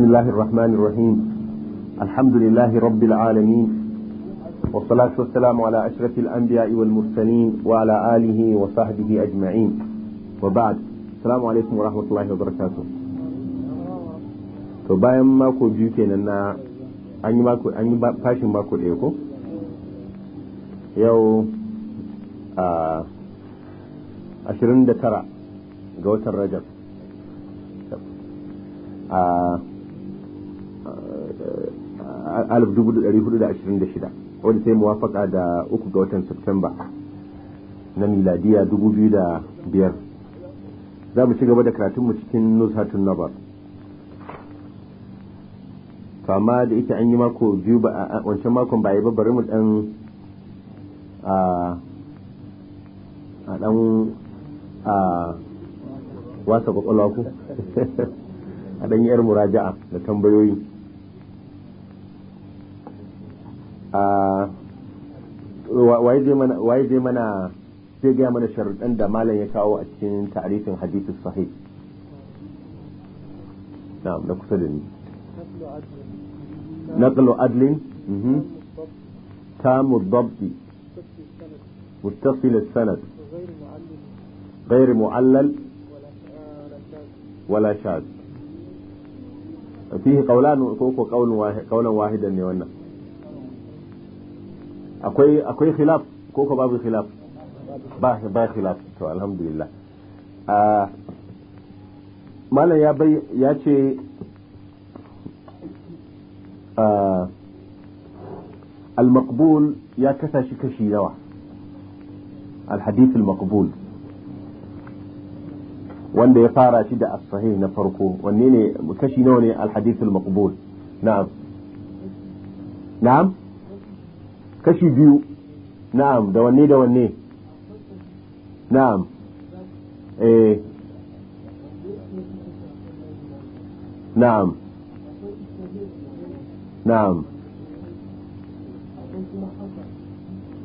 بسم الله الرحمن الرحيم الحمد لله رب العالمين والصلاة والسلام على أشرف الأنبياء والمرسلين وعلى آله وصحبه أجمعين وبعد السلام عليكم ورحمة الله وبركاته to bayan mako biyu kenan na an yi mako an yi fashin mako ɗaya ko yau a 29 ga watan rajab a 1426 wadda ta yi muwafaka da uku ga watan Satumba na miladiya 2005 za mu ci gaba da karatunmu cikin nusatun nabar amma da ita an yi mako biyu ba a wancan makon ba yi ba bari mu dan a dan a wasa kwakwalwa ku a dan yi yar muraja'a da tambayoyi waye zai mana zai gaya mana sharuɗan da malam ya kawo a cikin ta'arifin hadithin sahih na'am na kusa da ni naqlu adlin tamu dabbi muttasil sanad غير معلل ولا شاذ فيه قولان قولا واحدا لونا akwai akwai khilaf ko ko babu khilaf ba ba khilaf to alhamdulillah a ah, malam ya bai ya ce a ah, al-maqbul ya kasa shi kashi yawa al-hadith al-maqbul wanda ya fara shi da as-sahih na farko wanne ne kashi nawa ne al-hadith al-maqbul na'am na'am kashi biyu na'am da wanne da wanne na'am eh na'am na'am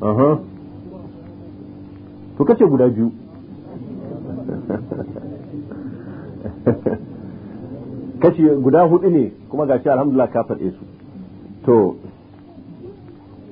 aha uh-huh. to kace guda biyu kashi guda hudu ne kuma gashi alhamdulillah ka faɗe su to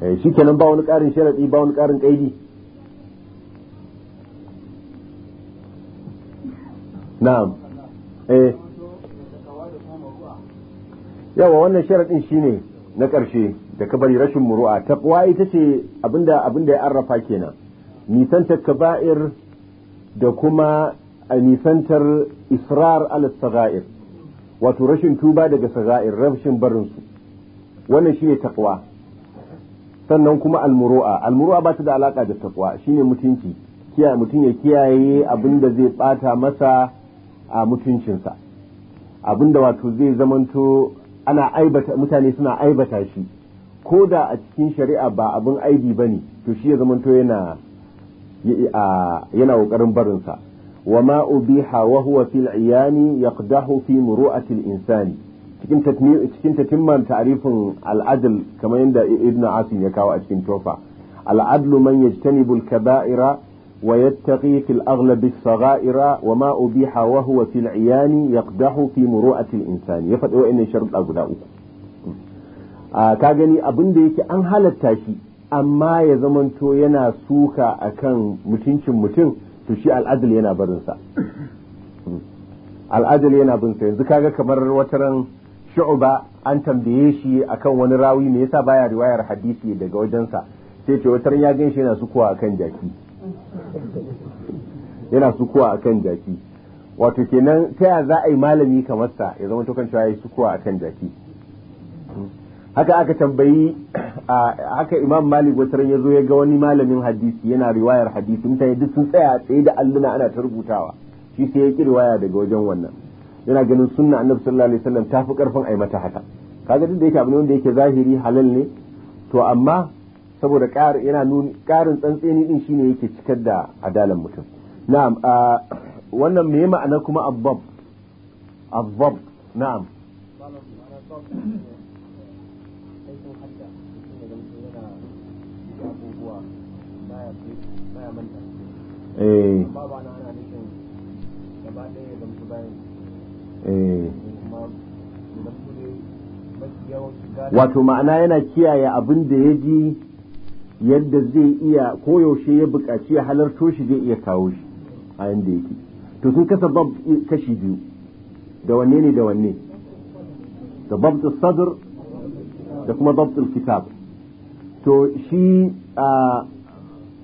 Eh, shi kenan ba wani ƙarin sharaɗi ba wani ƙarin ƙaidi na'am eh yawa wannan sharaɗin shine na ƙarshe da ka bari rashin muru'a taqwa ita ce abinda abinda ya arrafa kenan nisantar kaba'ir da kuma a nisantar israr al-sagha'ir wato rashin tuba daga sagha'ir rashin barinsu wannan shine taqwa sannan kuma almuru'a almuru'a ba ta da alaka da taqwa shine mutunci kiyaye mutun ya kiyaye abinda zai bata masa a mutuncinsa abinda wato zai zamanto ana aibata mutane suna aibata shi ko da a cikin shari'a ba abin aibi bane to shi ya zamanto yana yana kokarin barinsa wa ma ubiha wa huwa fil iyani yaqdahu fi muru'ati al insani cikin cikin tatimman ta'rifin al-adl kamar yadda ibn asim ya kawo a cikin tofa al-adl man yajtanibu al-kaba'ira wa yattaqi fi al-aghlab as-sagha'ira wa ma ubiha wa huwa fi al-iyan yaqdahu fi muru'ati al-insan ya faɗo wa'annan sharuɗa guda uku ka gani abin da yake an halatta shi amma ya zamanto yana suka akan mutuncin mutum to shi al-adl yana barinsa hmm. al'ajal yana bin sa yanzu kaga kamar wata ran shu'ba an tambaye shi akan wani rawi me yasa baya riwayar hadisi daga wajensa sai ce wata ya gan shi yana sukuwa akan jaki yana sukuwa akan jaki wato kenan ta ya za a yi malami kamar sa ya zama tukan cewa ya sukuwa akan jaki haka aka tambayi haka imam malik wata ya zo ya ga wani malamin hadisi yana riwayar hadisi mutane duk sun tsaya tsaye da alluna ana ta rubutawa shi sai ya ki riwaya daga wajen wannan yana ganin sunna annabi sallallahu alaihi wasallam ta fi karfin ai mata haka kaga duk da yake abu ne wanda yake zahiri halal ne to amma saboda ƙarin yana nuni ƙarin tsantseni din shine yake cikar da adalan mutum na'am wannan me ma'ana kuma abbab abbab na'am eh Eh. wato ma'ana yana kiyaye abin da ya ji yadda zai iya koyaushe ya buƙaci ya halarto shi zai iya kawo shi a yadda yake to sun kasa bab kashi biyu da wanne ne da wanne da babtul sadr da kuma babtul kitab to shi a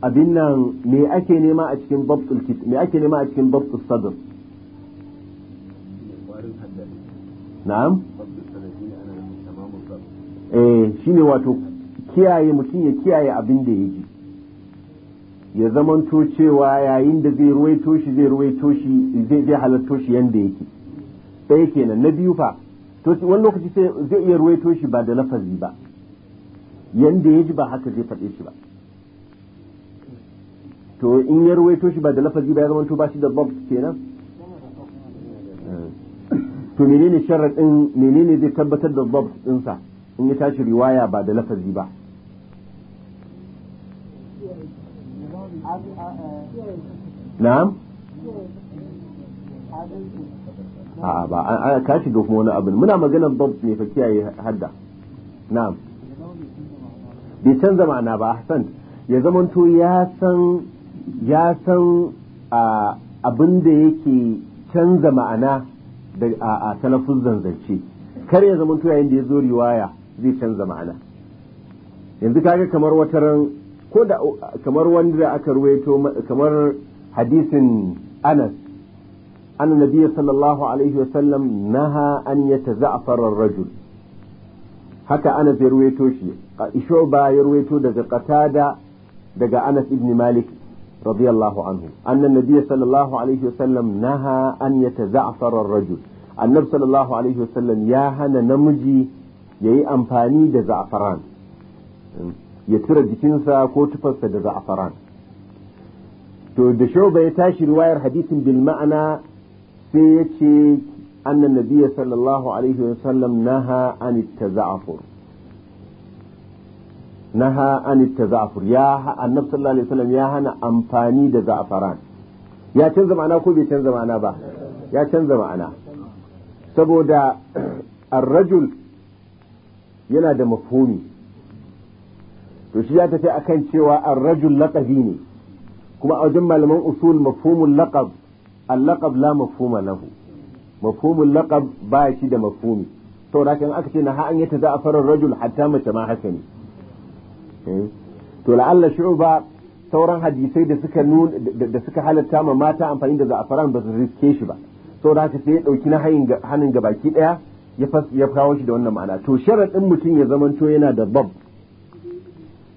abin nan me ake nema a cikin babtul me ake nema a cikin babtul sadr na'am eh shine wato kiyaye mutum ya kiyaye abin da ya ji ya zamanto cewa yayin da zai ruwaito shi zai ruwaito shi zai zai halatto shi yanda yake ɗaya kenan na biyu fa to wani lokaci sai zai iya ruwaito shi ba da lafazi ba yanda ya ji ba haka zai faɗe shi ba to in ya ruwaito shi ba da lafazi ba ya zamanto ba shi da babu kenan to menene sharaɗin menene zai tabbatar da zabt ɗinsa in ya tashi riwaya ba da lafazi ba na'am a'a ba a ka shiga kuma wani abin muna maganar zabt ne fa kiyaye hadda na'am bai canza ma'ana ba hassan ya zamanto ya san ya san abin da yake canza ma'ana a talafin zanzance kar ya zama yayin da ya zo riwaya zai canza ma'ana yanzu kaga kamar wata ran ko da kamar wanda da aka ruwaito kamar hadisin anas anna nabiyyi sallallahu alaihi wa sallam naha an yataza'fara ar-rajul haka ana zai ruwaito shi isho ba ya ruwaito daga qatada daga anas ibn malik رضي الله عنه أن النبي صلى الله عليه وسلم نهى أن يتزعفر الرجل النبي صلى الله عليه وسلم يا هنا نمجي يي أمفاني دا زعفران يترى جكنسا كوتفس دا زعفران to da shoba ya tashi riwayar hadisin bil ma'ana sai ya ce annan nabiya sallallahu alaihi wasallam naha an taza'afur naha an tazafur ya annabi sallallahu alaihi wasallam ya hana amfani da za'afaran ya canza ma'ana ko bai canza ma'ana ba ya canza ma'ana saboda ar-rajul yana da mafhumi to shi ya tafi kan cewa ar-rajul laqabi ne kuma a wajen malaman usul mafhumul laqab al-laqab la mafhuma lahu mafhumul ba shi da mafhumi saboda kan aka ce na ha an rajul hatta mace ma haka ne Eh? to la'alla shu'ba sauran hadisai da suka nun da suka halatta ma mata amfani da za'afaran ba su riske shi ba saboda haka sai ya dauki na hanin ga baki daya ya ya kawo shi da wannan ma'ana to sharadin mutum ya zamanto yana da bab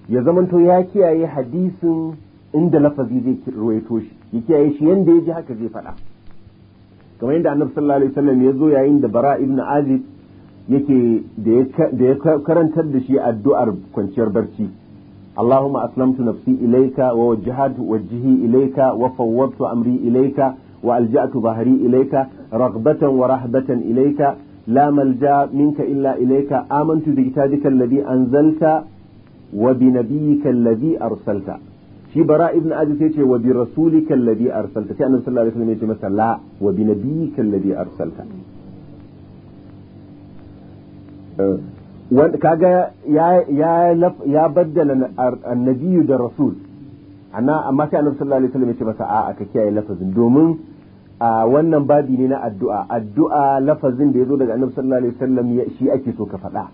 ya zamanto ya kiyaye hadisin inda lafazi zai ruwaito shi ya kiyaye shi yanda ya ji haka zai faɗa kamar yadda annabi sallallahu alaihi wasallam ya zo yayin da bara ibnu azib yake da ya karantar da shi addu'ar kwanciyar barci اللهم أسلمت نفسي إليك ووجهت وجهي إليك وفوضت أمري إليك وألجأت ظهري إليك رغبة ورهبة إليك لا ملجا منك إلا إليك آمنت بكتابك الذي أنزلت وبنبيك الذي أرسلت shi bara ibn aziz yace wa bi rasulika alladhi arsalta sai annabi sallallahu alaihi wasallam yace masa la wa bi nabiyyika alladhi arsalta ka kaga ya ya ya baddala annabiyu da rasul ana amma sai annabi sallallahu alaihi wasallam ya ce masa a ka kiyaye lafazin domin a wannan babi ne na addu'a addu'a lafazin da yazo daga annabi sallallahu alaihi wasallam shi ake so ka faɗa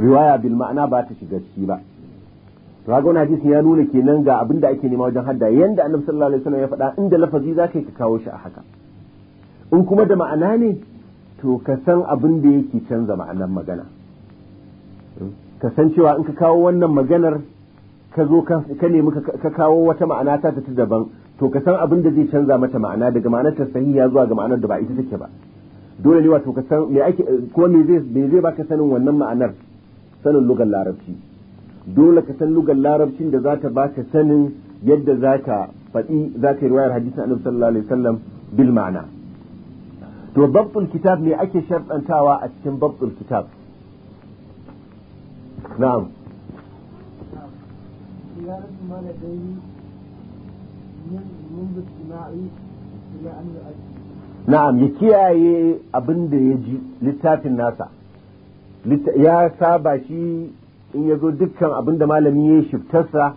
riwaya bil ma'ana ba ta shiga ciki ba to kaga wannan hadisi ya nuna kenan ga abin da ake nema wajen hadda yanda annabi sallallahu alaihi wasallam ya faɗa inda lafazi zaka ka kawo shi a haka in kuma da ma'ana ne to ka san abin da yake canza ma'anar magana ka san cewa in ka kawo wannan maganar ka zo ka nemi ka kawo wata ma'ana ta tafi daban to ka san abin da zai canza mata ma'ana daga ma'anar ta sahiya zuwa ga ma'anar da ba ita take ba dole ne wato ka san me ake ko me zai me zai baka sanin wannan ma'anar sanin lugar larabci dole ka san lugar larabcin da za ta baka sanin yadda za ka faɗi za ka yi riwayar hadisin annabi sallallahu alaihi wasallam bil ma'ana to babbul kitab ne ake sharɗantawa a cikin babbul kitab na'am na'am ya kiyaye abin da ya ji littafin nasa ya saba shi in ya zo dukkan abin da malami ya shiftarsa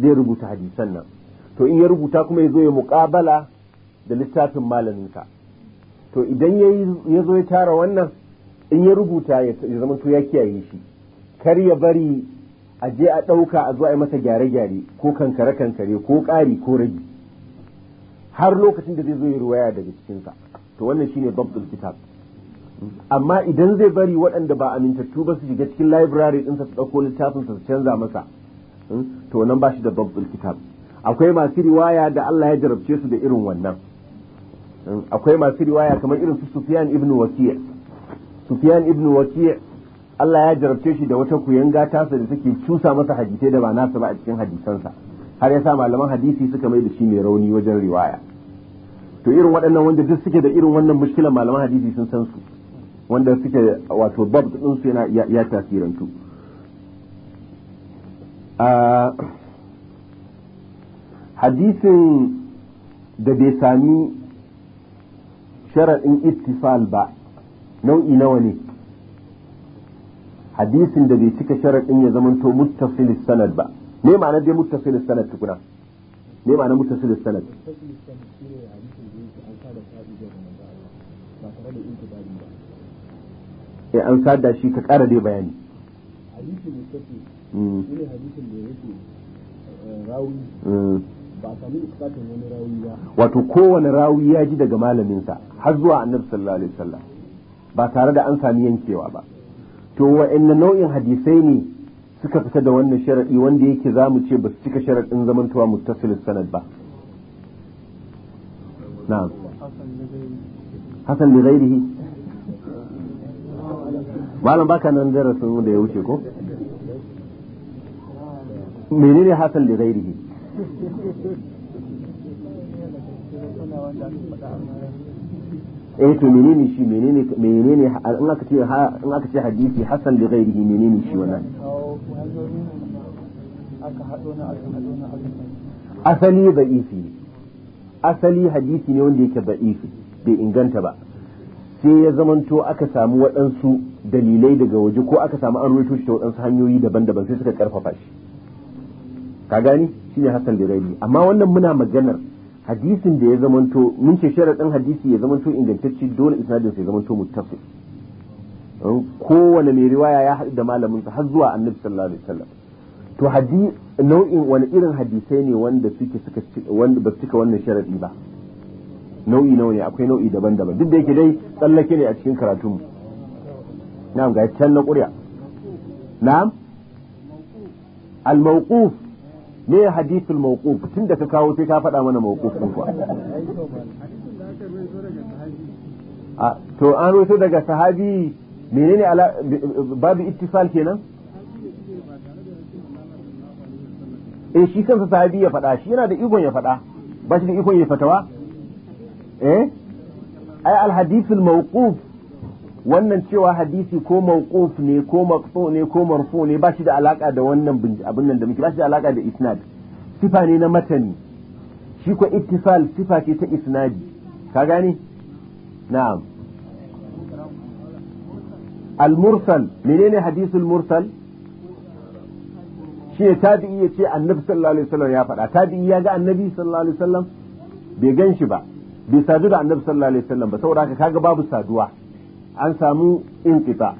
zai rubuta hadisan nan to in ya rubuta kuma ya zo ya muƙabala da littafin malaminsa to idan ya zo ya tara wannan in ya rubuta ya zama to ya kiyaye shi kar ya bari a je a ɗauka a zo a masa gyare-gyare ko kankare-kankare ko ƙari ko ragi har lokacin da zai zo ya ruwaya daga cikinsa to wannan shine babdul kitab amma idan zai bari waɗanda ba amintattu ba su shiga cikin library sa su ɗauko littafinsa su canza masa hmm, to nan ba shi da babdul kitab akwai masu riwaya da Allah ya jarabce su da irin wannan akwai masu riwaya kamar irin su Sufyan ibn Waki' Sufyan ibn Waki' Allah ya jarabce shi da wata kuyanga tasa da take cusa masa hadisai da ba nasa ba a cikin hadisansa har ya sa malaman hadisi suka mai da shi mai rauni wajen riwaya to irin waɗannan wanda duk suke da irin wannan mushkilan malaman hadisi sun san su wanda suke wato bab din su yana ya tasirantu hadisin da bai sami sharaɗin ittisal ba nau'i nawa ne hadisin da bai cika sharaɗin ya zamanto muttasil sanad ba ne ma'ana dai muttasil sanad tukuna Ne ma'ana muttasil sanad eh an sada shi ka ƙara dai bayani hadisi muttasil shine hadisin da yake hmm. eh, rawi hmm. wato kowane rawi ya ji daga malaminsa har zuwa annabi sallallahu alaihi wasallam ba tare da an sami yankewa ba to wa'anne nau'in hadisai ne suka fita da wannan sharadi wanda yake za mu ce ba su cika sharadin zamantowa muttasil sanad ba na'am hasan zai rihi? malam baka nan darasin da ya wuce ko menene hasan zai rihi? eh to menene shi menene menene in aka ce in aka ce hadisi hasan da gairihi menene shi wannan asali da'ifi asali hadisi ne wanda yake da'ifi bai inganta ba sai ya zamanto aka samu waɗansu dalilai daga waje ko aka samu an ruwaito shi ta waɗansu hanyoyi daban-daban sai suka karfafa shi ka gani shine Hassan da Rabi amma wannan muna maganar hadisin da ya zamanto mun ce sharadin hadisi ya zamanto ingantacce dole isnadin sa ya zamanto muttasil kowane mai riwaya ya haɗu da malamin sa har zuwa Annabi sallallahu alaihi wasallam to hadi nau'in wani irin hadisai ne wanda suke suka wanda ba suka wannan sharadi ba nau'i nawa ne akwai nau'i daban-daban duk da yake dai tsallake ne a cikin karatunmu na'am ga can na ƙurya na'am al-mawquf me hadithul mawquf tun da ka kawo sai ka faɗa mana mawquf din kuwa a to an rawaito daga sahabi menene ala babu ittisal kenan eh shi kansa sahabi ya faɗa shi yana da ikon ya faɗa ba shi da ikon ya fatawa eh ai al hadithul mawquf wannan cewa hadisi ko mawquf ne ko maqtu ne ko marfu ne ba shi da alaka da wannan abin nan da muke ba shi da alaka da isnad sifa ne na matani shi ko ittisal sifa ce ta isnadi ka gane na'am al-mursal menene hadisul mursal shi ne tabi'i ya ce annabi sallallahu alaihi wasallam ya faɗa tabi'i ya ga annabi sallallahu alaihi wasallam bai gan shi ba bai sadu da annabi sallallahu alaihi wasallam ba saboda haka kaga babu saduwa an samu inkita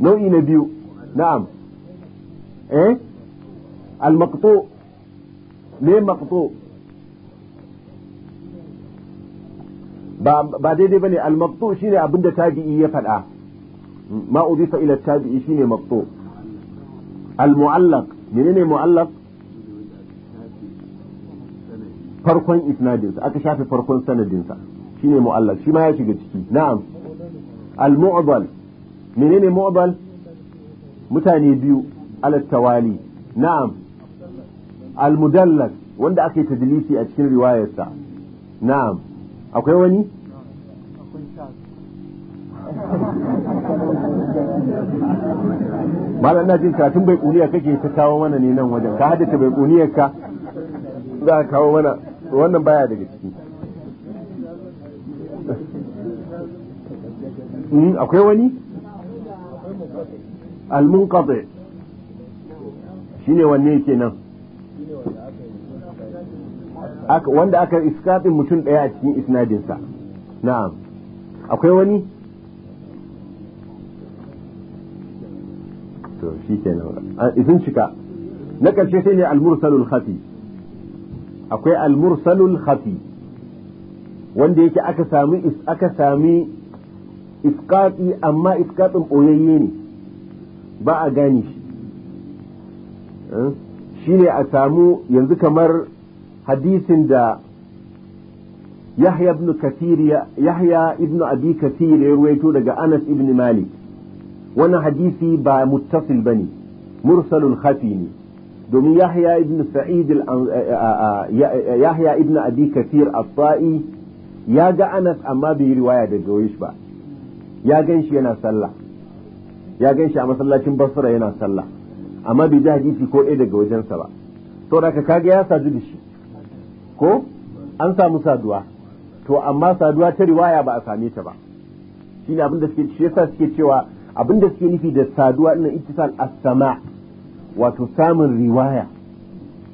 nau'i na biyu na'am eh al maqtu me maqtu ba ba daidai bane al maqtu shine abinda tabi'i ya faɗa ma udifa ila tabi'i shine maqtu al mu'allaq menene mu'allaq farkon isnadinsa aka shafe farkon sanadinsa shine mu'allaq shi ma ya shiga ciki na'am al-mu'dal menene mu'dal mutane biyu alattawali na'am al-mudallas wanda aka yi tadlisi a cikin riwayarsa na'am akwai wani malam na jin karatun bai kake ta kawo mana ne nan wajen ka haddace bai za ka kawo mana wannan baya daga ciki Hmm, akwai wani al shi ne wanne ke nan wanda aka iskatin mutum daya a cikin isnadinsa na'am akwai wani to shi ke kenan izin ah, cika na ƙarshe sai ne al-mursalul khafi akwai al-mursalul khafi wanda yake aka sami iskati amma iskatin ɓoyayye ne ba a gani shi eh? shi ne a samu yanzu kamar hadisin da yahya ibn abi kathir ya ruwaito daga anas ibn malik wannan hadisi ba muttasil bane mursalul khafi ne domin yahya ibn sa'id yahya ibn abi kathir as ya ga anas amma bai riwaya daga wayish ba ya gan shi yana sallah ya gan shi a masallacin basra yana sallah amma bai ji hadisi ko ɗaya daga wajensa ba to da kaga ya sadu da shi ko an samu saduwa to amma saduwa ta riwaya ba a same ta ba Shin abin da suke shi yasa suke cewa abinda da suke nufi da saduwa ina ittisal as-sama wato samun riwaya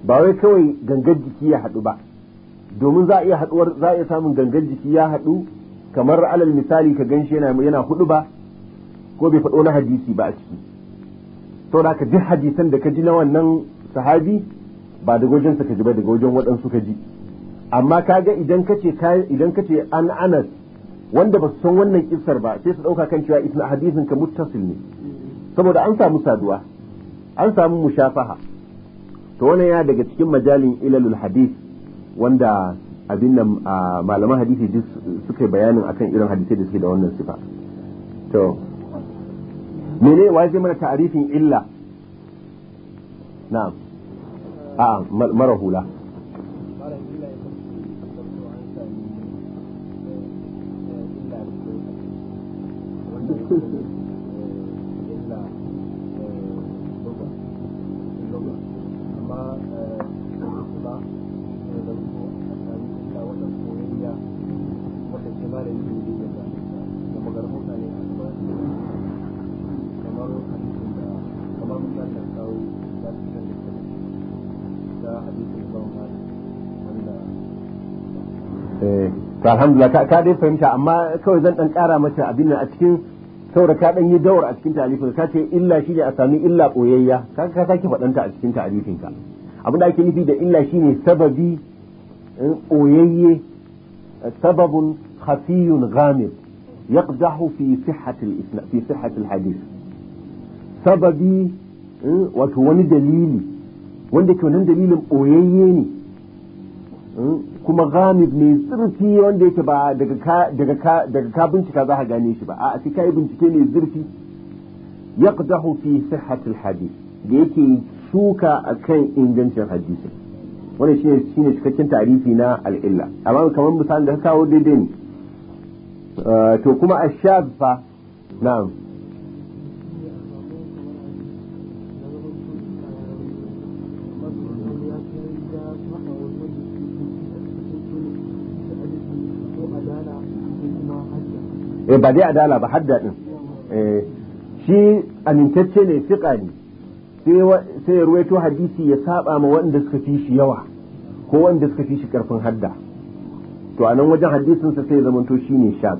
ba wai kawai gangan jiki ya haɗu ba domin za a iya haɗuwar za a iya samun gangan jiki ya haɗu kamar alal misali ka ganshi yana yana hudu ba ko bai faɗo na hadisi ba a ciki to da ka ji hadisan da ka ji na wannan sahabi ba daga wajen ka ji ba daga wajen waɗansu ka ji amma ka ga idan ka idan kace an anas wanda ba su san wannan kissar ba sai su ɗauka kan cewa isna hadisin ka muttasil ne saboda an samu saduwa an samu mushafaha to wannan ya daga cikin majalin ilalul hadis wanda abin da malaman hadisi duk suka yi bayanin akan irin hadisai da suke da wannan sifa to mene wa zai mana ta'arifin illa na'am a mara hula Thank eh, eh, you. to alhamdulillah ka dai fahimta amma kawai zan dan kara mata abin a cikin saboda ka dan yi dawar a cikin ta'arifin ka ce illa shine a sami illa boyayya ka ka sake fadanta a cikin ta'arifin ka abin da ake nufi da illa shine sababi boyayye eh, sababun khafiyun ghamid yaqdahu fi sihhati al-islam fi sihhati al-hadith sababi eh, wato wani dalili wanda ke wannan dalilin boyayye ne Hmm? kuma ghamid mai zurfi wanda yake ba daga ka bincika za ka gane shi ba a sai kai bincike mai zurfi yaqdahu fi sihhatil hadith da yake shuka akan ingancin hadisi wannan shine shine cikakken tarifi na al'illa amma kamar misalin da ka kawo daidai ne uh, to kuma a fa na. eh ba dai adala ba hadda din eh shi amintacce ne fiqa ne sai ya ruwaito hadisi ya saba ma wanda suka fi shi yawa ko wanda suka fi shi karfin hadda to a nan wajen hadisin sa sai zamanto shine shaz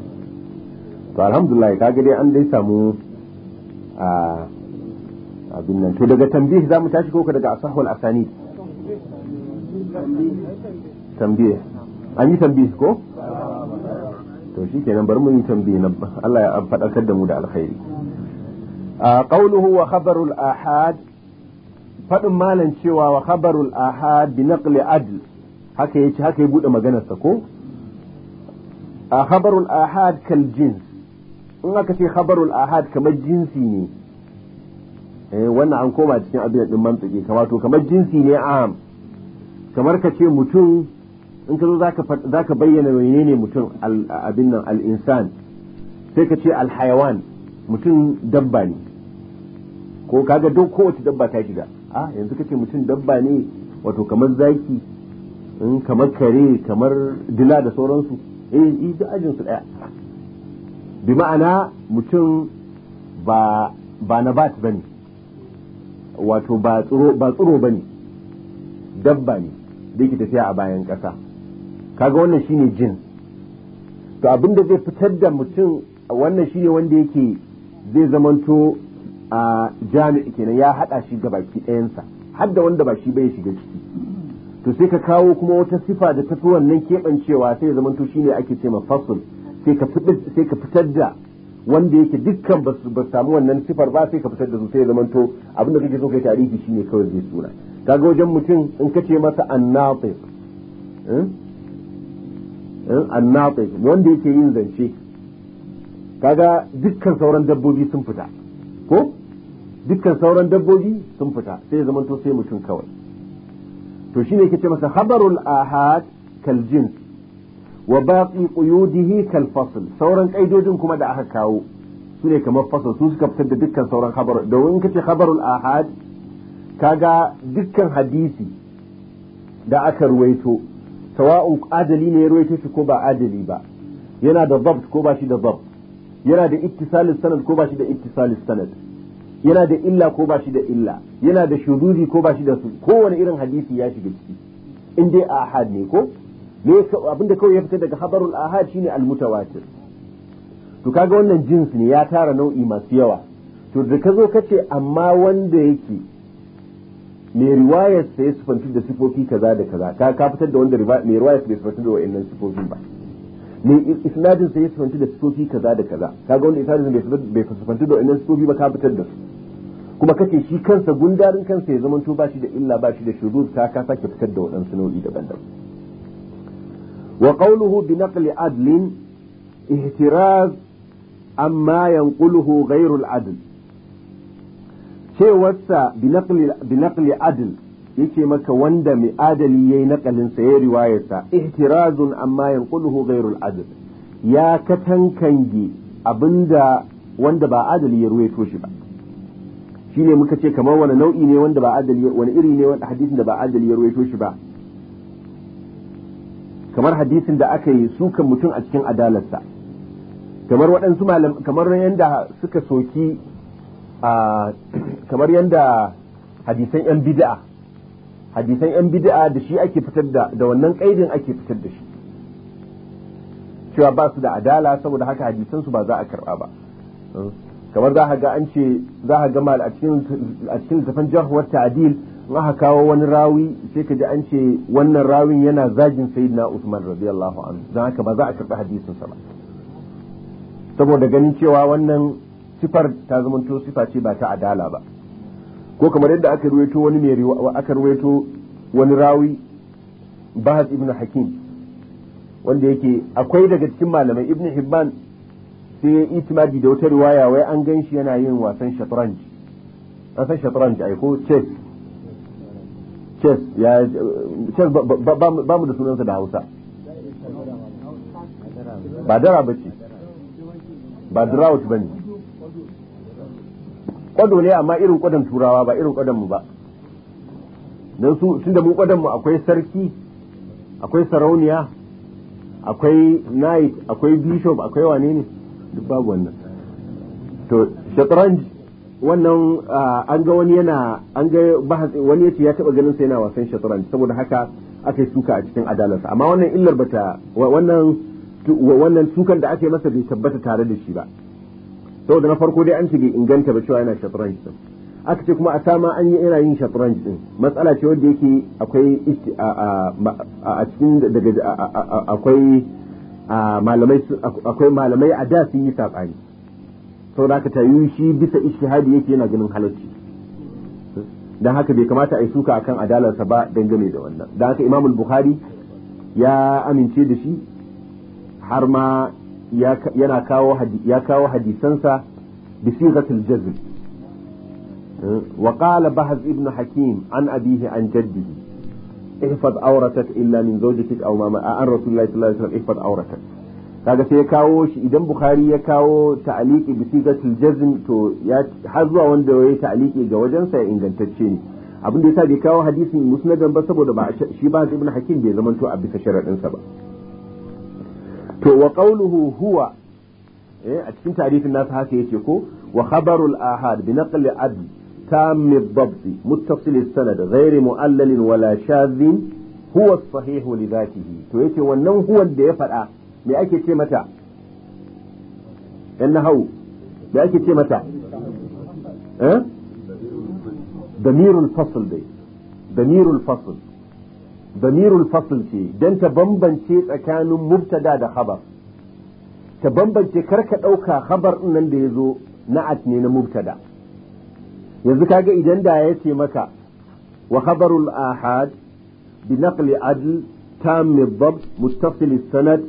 to alhamdulillah kaga dai an dai samu a abin nan to daga tambih za mu tashi koko daga asahul asani tambih an yi tambih ko to shikenan bar mu yi tambaye nan Allah ya faɗakar da mu da alkhairi a qawluhu wa khabarul ahad faɗin malan cewa wa khabarul ahad bi naqli adl haka yace haka ya bude maganar sa ko a khabarul ahad kal jins in aka ce khabarul ahad kamar jinsi ne eh wannan an koma cikin abin din mantiki kamar to kamar jinsi ne a kamar ka ce mutum in ka zo za ka bayyana menene mutum abin nan al'insan sai ka ce alhayawan mutum dabba ne ko kaga duk kowace dabba ta shiga a yanzu ce mutum dabba ne wato kamar zaki kamar kare kamar dila da sauransu e eh, yi da ajin su daya bi ma'ana mutum ba na bat ba ne wato ba tsiro ba ne dabba ne da yake tafiya a bayan ƙasa kaga wannan shine jin to abinda zai fitar da mutum wannan shine wanda yake zai zamanto a jami'i kenan ya hada shi ga baki ɗayansa har da wanda ba shi bai shiga ciki to sai ka kawo kuma wata sifa da tafi wannan keɓancewa sai zamanto shine ake ce ma fasul sai ka sai ka fitar da wanda yake dukkan ba su samu wannan sifar ba sai ka fitar da su sai zamanto abinda kake so kai tarihi shine kawai zai sura kaga wajen mutum in ka ce masa annafi hmm? Eh, annatiq wanda yake yin zance kaga dukkan sauran dabbobi sun fita ko dukkan sauran dabbobi sun fita sai zaman to sai mutum kawai to shine yake ce masa khabarul ahad kal jins wa baqi quyudihi kal fasl sauran kaidojin kuma da aka kawo sune ne kamar fasl su suka fitar da dukkan sauran khabar da wani kace khabarul ahad kaga dukkan hadisi da aka ruwaito sawa'un adali ne ya ruwaito shi ko ba adali ba yana da dabt ko ba shi da dabt yana da ittisalin sanad ko ba shi da ittisalin sanad yana da illa ko ba shi da illa yana da shududi ko ba shi da su kowane irin hadisi ya shiga ciki in dai ahad ne ko me abinda kawai ya fita daga habarul ahad shine al mutawatir to kaga wannan jins ne ya tara nau'i masu yawa to da ka zo kace amma wanda yake mai riwayar sa ya sifantu da sifofi kaza da kaza ka ka fitar da wanda me riwayar sa bai sifantu da wa'annan sifofin ba mai isnadin sa ya sifantu da sifofi kaza da kaza Ka ga wanda isnadin sa bai sifantu da wa'annan sifofi ba ka fitar da su kuma kace shi kansa gundarin kansa ya zamanto ba shi da illa ba shi da shuru ta ka sake fitar da waɗansu nau'i daban-daban wa qawluhu bi naqli adlin ihtiraz amma yanquluhu ghayru adl cewarsa binaqli adil yake maka wanda mai adali yayi naqalin sa yayi riwayarsa ihtirazun amma yanquluhu ghayrul adil ya katankange abinda wanda ba adali ya ruwaito shi ba shine muka ce kamar wani nau'i ne wanda ba adali wani iri ne wanda hadisin da ba adali ya ruwaito shi ba kamar hadisin da aka yi sukan mutum a cikin adalarsa kamar waɗansu malam kamar yadda suka soki a ah, kamar yadda hadisan yan bid'a hadisan yan bid'a da shi ake fitar da da wannan kaidin ake fitar da shi cewa ba su da adala saboda haka hadisan su ba za a karba ba kamar za ga an ce za a cikin a cikin tafan jahwar ta'dil za kawo wani rawi sai ka ji an ce wannan rawin yana zagin sayyidina Usman radiyallahu anhu dan haka ba za a karba hadisin sa ba saboda ganin cewa wannan sifar ta zama sifa ce ba ta adala ba ko kamar yadda aka ruwaito wani mai aka ruwaito wani rawi bahas ibn hakim wanda yake akwai daga cikin malamai ibn hibban sai ya itimadi da wata riwaya wai an gan shi yana yin wasan shatranj an san shatranj ai ko chess chess ya chess ba mu da sunansa da hausa ba dara bace ba drought bane kwado ne amma irin kwadon turawa ba irin kwadon mu ba don su da mu kwadon mu akwai sarki akwai sarauniya akwai knight akwai bishop akwai wane ne duk babu wannan to shatranj wannan an ga wani yana an ga wani yace ya taba ganin sa yana wasan shatranj saboda haka aka yi suka a cikin adalarsa amma wannan illar bata wannan wannan sukan da ake masa bai tabbata tare da shi ba saboda na farko dai an ce bai inganta ba cewa yana shatranj din aka ce kuma a sama an yi yana yin shatranj din matsala ce wanda yake akwai a cikin daga akwai malamai akwai malamai a da sun yi sabani saboda aka tayu shi bisa ishtihadi yake yana ganin halarci dan haka bai kamata a yi suka akan adalarsa ba dangane da wannan dan haka imamul bukhari ya amince da shi har ma yana kawo ya kawo hadisansa bi sigatil jazm eh, wa qala bahz ibn hakim an abihi an jaddihi ihfaz awratak illa min zawjatik aw ma an rasulullahi sallallahu alaihi wasallam ihfaz awratak kaga sai ya kawo shi idan bukhari ya kawo ta'aliki bi sigatil jazm to ya har zuwa wanda yayi ta'aliki ga wajen sa ya ingantacce ne abin da yasa bai kawo hadisin musnadan ba saboda ba shi ba ibn hakim bai zamanto a bisa sharadin sa ba تو وقوله هو أكسين تعريف الناس هاتي يتيكو وخبر الآهاد بنقل عدل تام الضبط متصل السند غير مؤلل ولا شاذ هو الصحيح لذاته تو يتي ونو هو اللي يفرع لأكي تيمتا إنهو لأكي تيمتا ضمير الفصل دي ضمير الفصل damirul fasl ce dan ta bambance tsakanin mubtada da khabar ta bambance karka ɗauka khabar nan da ya zo na'at ne na mubtada yanzu kaga idan da ya ce maka wa khabarul ahad bi naqli adl tam dhabt mustasil sanad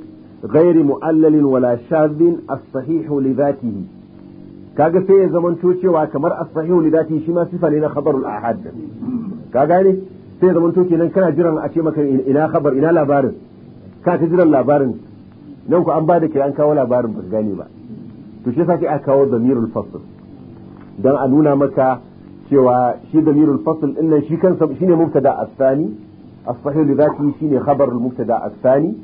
غير مؤلل ولا شاذ الصحيح لذاته kaga sai ya zamanto cewa kamar as-sahih li shi ma sifa ne na khabarul ahad ka ne. sai zaman to kenan kana jiran a ce maka ina khabar ina labarin ka ta jiran labarin nan ku an ba da ke an kawo labarin ba gane ba to shi yasa sai aka kawo damirul fasl dan a nuna maka cewa shi damirul fasl din nan shi kansa shine mubtada as-sani as-sahih li dhati shine khabar al-mubtada asani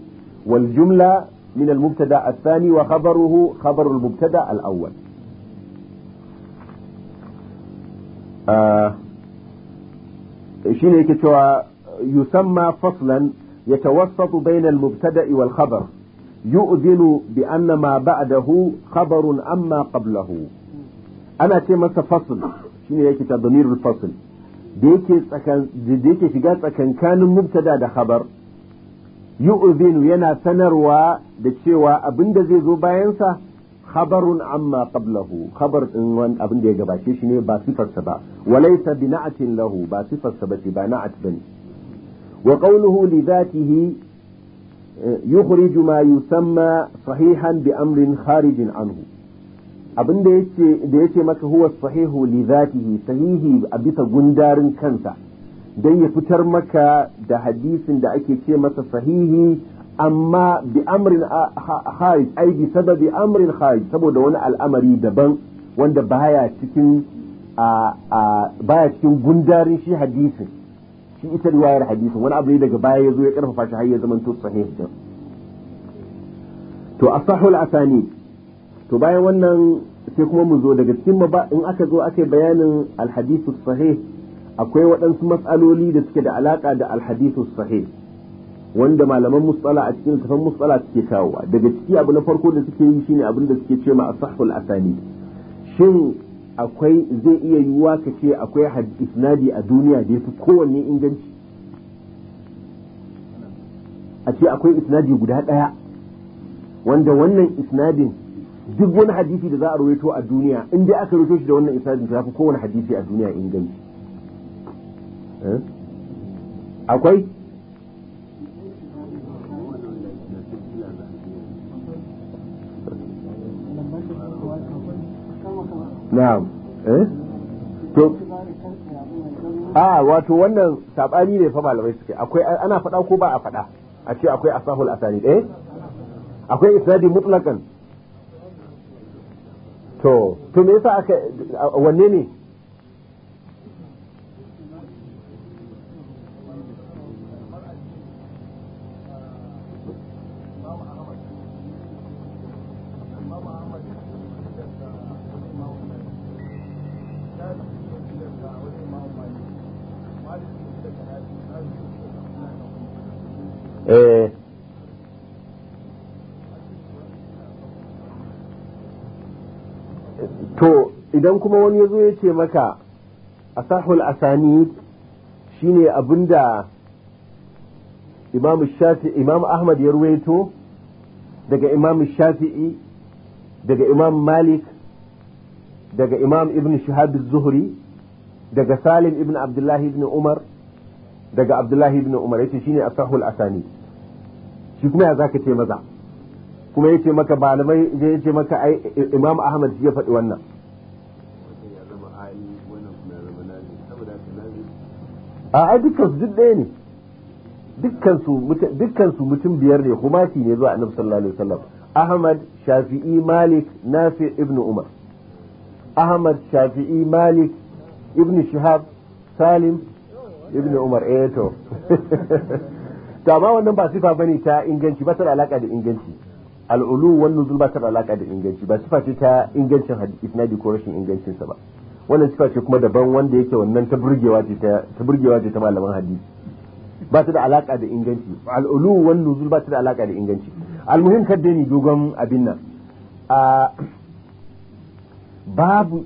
wal jumla min al-mubtada asani wa khabaruhu khabar al-mubtada al-awwal shine yake cewa yusamma faslan yatawassatu bayna al-mubtada'i wal khabar yu'dinu bi anna ma ba'dahu khabarun amma qablahu ana ce masa fasl shine yake ta damirul fasl da yake tsakan da yake shiga tsakankanin mubtada da khabar yu'dinu yana sanarwa da cewa abinda zai zo bayansa khabarun amma qablahu khabar din wani abin da ya gabace shi ne ba sifarsa ba walaysa bi na'atin lahu ba sifarsa ba ba na'at bane wa qawluhu li dhatihi yukhriju ma yusamma sahihan bi amrin kharijin anhu abin da yake da yake maka huwa sahihu li dhatihi sahihi a bisa gundarin kansa dan ya fitar maka da hadisin da ake ce masa sahihi amma bi amrin harij ai bi sababi amrin harij saboda wani al'amari daban wanda baya cikin baya cikin gundarin shi hadisin shi ita riwayar hadisin wani abu ne daga baya ya zo ya karfafa shi har ya zama to sahih din to asahul asani to bayan wannan sai kuma mu zo daga cikin in aka zo aka bayanin alhadisu sahih akwai waɗansu matsaloli da suke da alaka da alhadisu sahih wanda malaman musala a cikin kafan musala suke kawowa daga ciki abu na farko da suke yi shine abin da suke ce ma asahul asani shin akwai zai iya yiwuwa ka ce akwai isnadi a duniya da yafi kowanne inganci a ce akwai isnadi guda ɗaya wanda wannan isnadin duk wani hadisi da za a rawaito a duniya in dai aka rawaito shi da wannan isnadin to yafi kowane hadisi a duniya inganci eh? akwai na'am eh to a wato wannan sabani ne fa malamai suke akwai ana faɗa ko ba a faɗa a ce akwai asahul asani eh akwai isnadi mutlaqan to to me yasa aka wanne ne idan kuma wani ya zo ya ce maka sahul asani ne abinda imam imam ahmad ya ruwaito daga imam shafi'i daga imam malik daga imam ibn shahab zuhri daga salim ibn abdullahi ibn umar daga abdullahi ibn umar yace a sahul asani shi kuma ya zaka ce maza kuma yace maka malamai ce maka imam ahmad shi ya faɗi wannan a ai dukkan su duk ɗaya ne dukkan su mutum biyar ne kuma humati ne zuwa annabi sallallahu alaihi wasallam ahmad shafi'i malik nafi ibnu umar ahmad shafi'i malik ibnu shihab salim ibnu umar eh to to amma wannan ba sifa bane ta inganci ba ta da alaka da inganci al'ulu wannan nuzul ba ta da alaka da inganci ba sifa ce ta ingancin hadisi na ko rashin ingancin sa ba wannan sifa ce kuma daban wanda yake wannan ta burgewa ce ta malaman hadisi ba ta da alaka da inganci al'ulu wan nuzul ba ta da alaka da inganci almuhim kadda ni dogon abin nan babu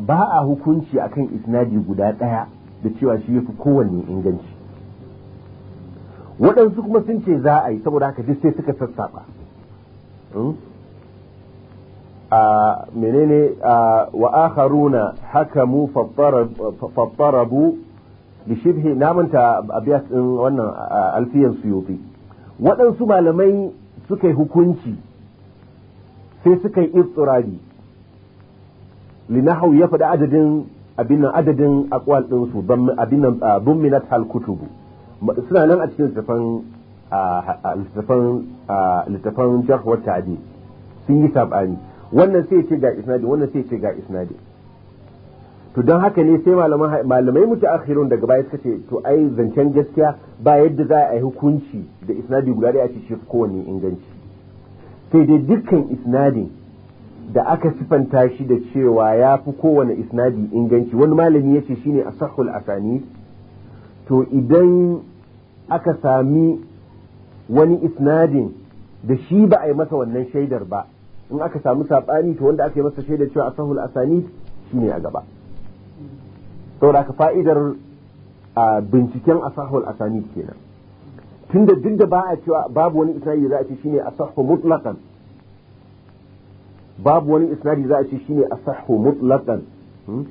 ba a hukunci akan isnadi guda ɗaya da cewa shi yafi kowanne inganci waɗansu kuma sun ce za a yi saboda haka duk sai suka sassaɓa. Hmm? a menene wa akharuna hakamu fattarabu bi shibhi namanta abiyas din wannan alfiyan suyuti waɗansu malamai suka yi hukunci sai suka yi itsirabi linahu ya faɗi adadin abin nan adadin aqwal din su abin nan hal kutubu suna nan a cikin littafan littafan littafan jarh wa ta'dil sun yi sabani wannan sai ce ga isnadi wannan sai ce ga isnadi to don haka ne sai malamai mutaakhirun daga baya suka ce to ai zancen gaskiya ba yadda za a yi hukunci da isnadi guda da a ce shi kowane inganci sai dai dukkan isnadi da aka sifanta shi da cewa ya fi kowane isnadi inganci wani malami ya ce shine asahul asani to idan aka sami wani isnadin da shi ba a yi masa wannan shaidar ba in aka samu sabani to wanda aka yi masa shaida cewa asahul shi shine a gaba saboda ka fa'idar binciken asahul asani kenan tunda duk da ba a cewa babu wani isnadi za a ce shine asahu mutlaqan babu wani isnadi za a ce shine asahu mutlaqan hmm?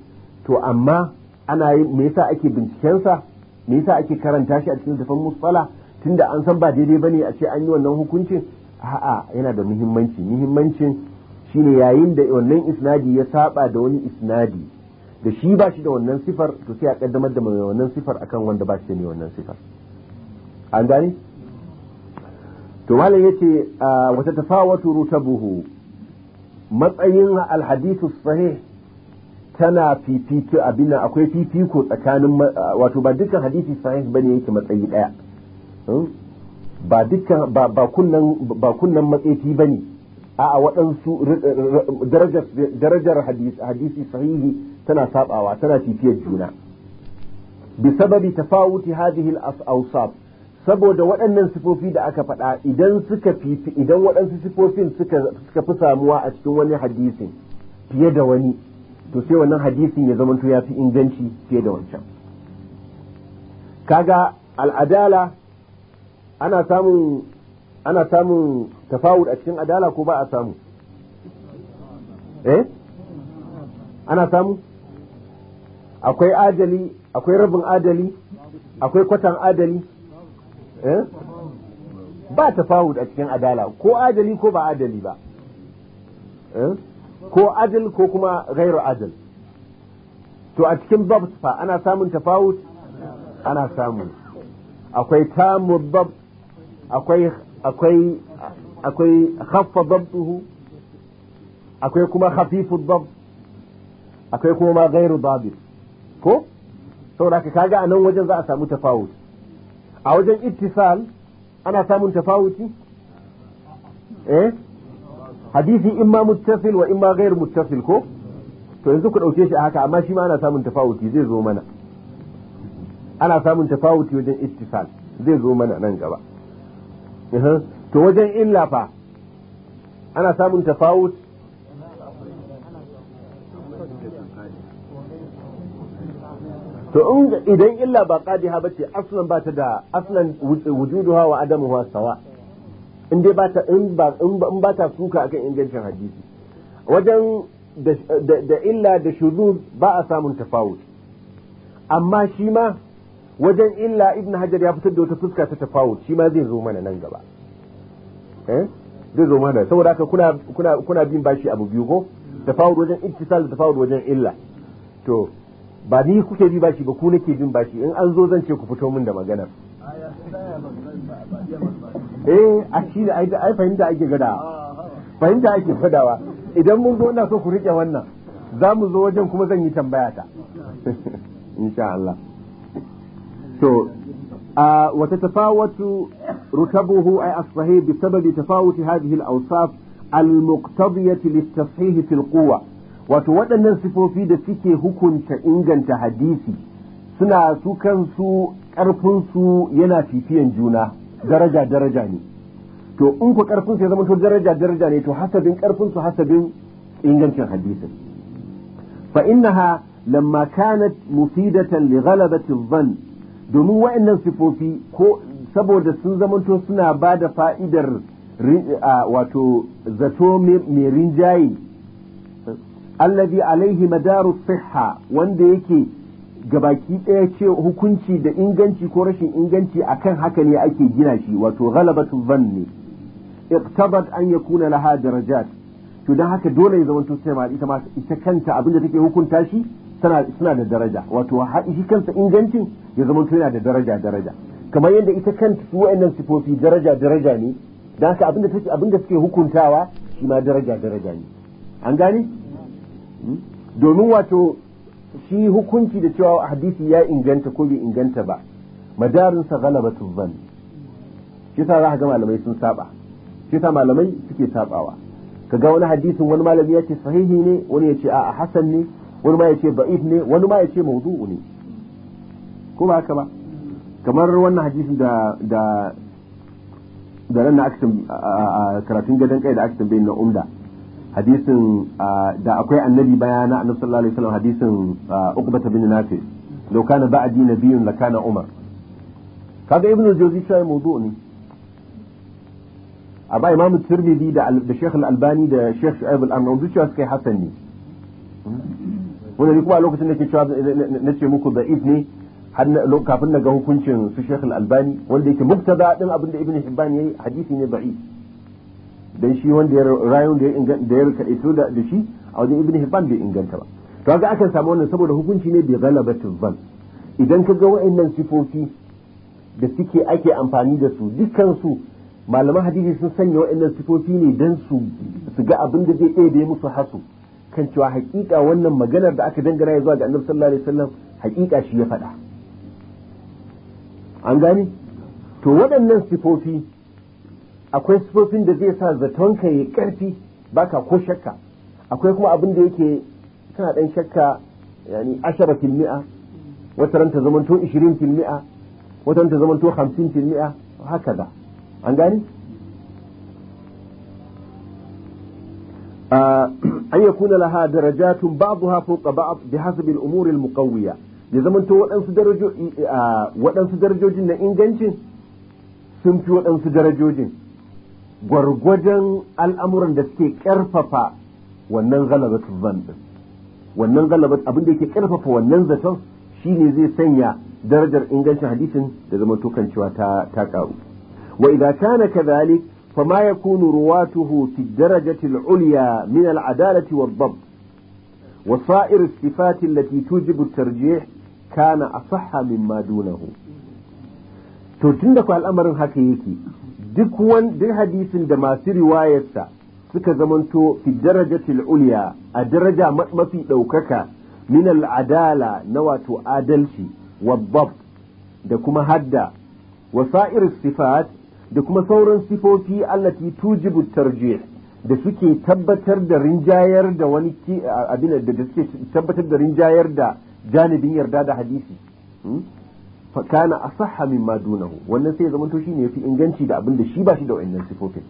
to amma ana yi me yasa ake binciken sa me yasa ake karanta shi a cikin tafan musfala tunda an san ba daidai bane a ce an yi wannan hukuncin a'a yana da muhimmanci muhimmancin shine yayin da wannan isnadi ya saba da wani isnadi da shi ba shi da wannan sifar to sai a kaddamar da mai wannan sifar akan wanda ba shi da wannan sifar an gani? to malam yace wata tatafawatu rutabuhu matsayin alhadithus sahih tana fifiko abin akwai fifiko tsakanin wato ba dukkan hadisi sahih bane yake matsayi daya hmm? ba dukkan ba kunnan ba kunnan matsayi bane a waɗansu darajar darajar hadisi sahihi tana sabawa tana tafiyar juna sababi tafawuti hadhihi al-awsaf saboda waɗannan sifofi da aka faɗa idan suka fifi idan waɗansu sifofin suka suka fi samuwa a cikin wani hadisi fiye da wani to sai wannan hadisin ya zamanto ya fi inganci fiye da wancan kaga al'adala ana samun ana samun tafawud a cikin adala ko ba a samu eh ana samu akwai adali akwai rabin adali akwai kwatan adali eh ba tafawud a cikin adala ko adali ko ba adali ba eh ko adal ko kuma gairu adal to a cikin babs fa ana samun tafawud ana samu akwai tamu bab akwai akwai akwai khaffa dabtuhu akwai kuma khafifu dab akwai kuma ma ghairu dabit ko saboda ka kaga anan wajen za a samu tafawut a wajen ittisal ana samun tafawuti eh hadisi imma muttasil wa imma ghairu muttasil ko to yanzu ku dauke shi a haka amma shi ma ana samun tafawuti zai zo mana ana samun tafawuti wajen ittisal zai zo mana nan gaba to wajen illa fa ana samun tafawut to idan illa ba qadiha bace aslan ba ta da aslan wujuduha wa adamuha sawa in dai ba ta in ba in ba ta suka akan ingancin hadisi wajen da illa da shudud ba a samun tafawut amma shi ma wajen illa ibn hajar ya fitar da wata fuska ta tafawut shi ma zai zo mana nan gaba eh? zai zo mana saboda haka kuna kuna kuna bin bashi abu biyu ko tafawut wajen ittisal da tafawut wajen illa to ba ni kuke bi bashi ba ku nake bin bashi in an zo zan ce ku fito min da maganar eh a shi da ai fahimta ake gada fahimta ake fadawa idan mun zo ina so ku rike wannan za mu zo wajen kuma zan yi tambaya ta insha Allah to a wata tafawatu rutabuhu ai asfahi bi sababi tafawuti hadhihi al-awsaf al-muqtadiyah lit-tashih fi al-quwa wato waɗannan sifofi da suke hukunta inganta hadisi suna su kansu ƙarfin yana fifiyan juna daraja daraja ne to in ku ƙarfin ya zama daraja daraja ne to hasabin ƙarfin su hasabin ingancin hadisin fa innaha lamma kanat mufidatan li ghalabati dhann domin wa'annan sifofi ko saboda sun zamanto suna ba da fa'idar wato zato mai rinjaye allabi alaihi madaru siha wanda yake gabaki ɗaya ce hukunci da inganci ko rashin inganci akan haka ne ake gina shi wato ghalabatu ne iktabat an ya kuna laha darajat to don haka dole ya zamanto sai ita ma ita kanta abinda take hukunta shi suna da daraja wato shi kansa ingancin ya zama tuna da daraja daraja kamar yadda ita kan su wa'annan sifofi daraja daraja ne da haka abinda take abinda suke hukuntawa shi ma daraja daraja ne an gane hmm? domin wato shi hukunci da cewa hadisi ya inganta ko bai inganta ba madarinsa galaba zan shi sa za a ga malamai sun saba shi sa malamai suke sabawa ga wani hadisin wani malami ya ce sahihi ne wani ya ce a'a hasan ne wani ma ya ce baif ne wani ma ya ce mawdu'u ne ko ba haka ba kamar wannan hadisin da da da ran na akshin karatun gadon kai da aksin bayin na umda hadisin da akwai annabi bayana annabi sallallahu alaihi wasallam hadisin uqbata bin nafi law kana ba'di nabiyyun la kana umar kaga ibnu jawzi shi mawdu ne amma imam tirmidhi da da shaykh al-albani da shaykh shu'aib al-arnaud cewa suka hasan ne wannan ne kuma lokacin da ke cewa na ce muku da ne har kafin daga hukuncin su Sheikh Al-Albani wanda yake muktada din abin da Ibn Hibban yayi hadisi ne da'i dan shi wanda ya rayu da ya inganta da ya ito da shi a wajen Ibn Hibban bai inganta ba to kaga akan samu wannan saboda hukunci ne bi ghalabatiz zan idan ka ga wayannan sifofi da suke ake amfani da su dukkan su malaman hadisi sun sanya wa'annan sifofi ne dan su su ga abin da zai ɗebe musu hasu kan cewa hakika wannan maganar da aka dangana zuwa ga Annabi sallallahu alaihi wasallam hakika shi ya faɗa an gani to waɗannan sifofi akwai sifofin da zai sa zaton ka yi ƙarfi baka ko shakka akwai kuma abin da yake kana ɗan shakka yani ashara filmi'a wata ranta zamanto ishirin filmi'a wata ranta zamanto hamsin filmi'a haka da an gane أن يكون لها درجات بعضها فوق بعض بحسب الأمور المقوية ya zama zamanto waɗansu darajojin na ingancin sun fi waɗansu darajojin gwargwajen al'amuran da suke ƙarfafa wannan galabatun zan ɗin wannan galabat abin da yake ƙarfafa wannan zaton shi ne zai sanya darajar ingancin hadisin da zama to cewa ta ta ƙaru wa idan kana kadhalik fa ma yakunu ruwatuhu fi darajati al-ulya min al-adalati wad-dabt wa sa'ir as allati tujibu at-tarjih kana asahha mimma dunahu to tunda ku al'amarin haka yake duk duk hadisin da masu riwayarsa suka zamanto fi darajatil ulya a daraja mafi daukaka min al'adala na wato adalci wabbab da kuma hadda wasa'ir sifat da kuma sauran sifofi allati tujibu tarjih da suke tabbatar da rinjayar da wani abin da suke tabbatar da rinjayar da janibin yarda da hadisi hmm? fa kana asahha mimma dunahu wannan sai ya zama to shine yafi inganci da abin da shi ba shi da wayannan sifofin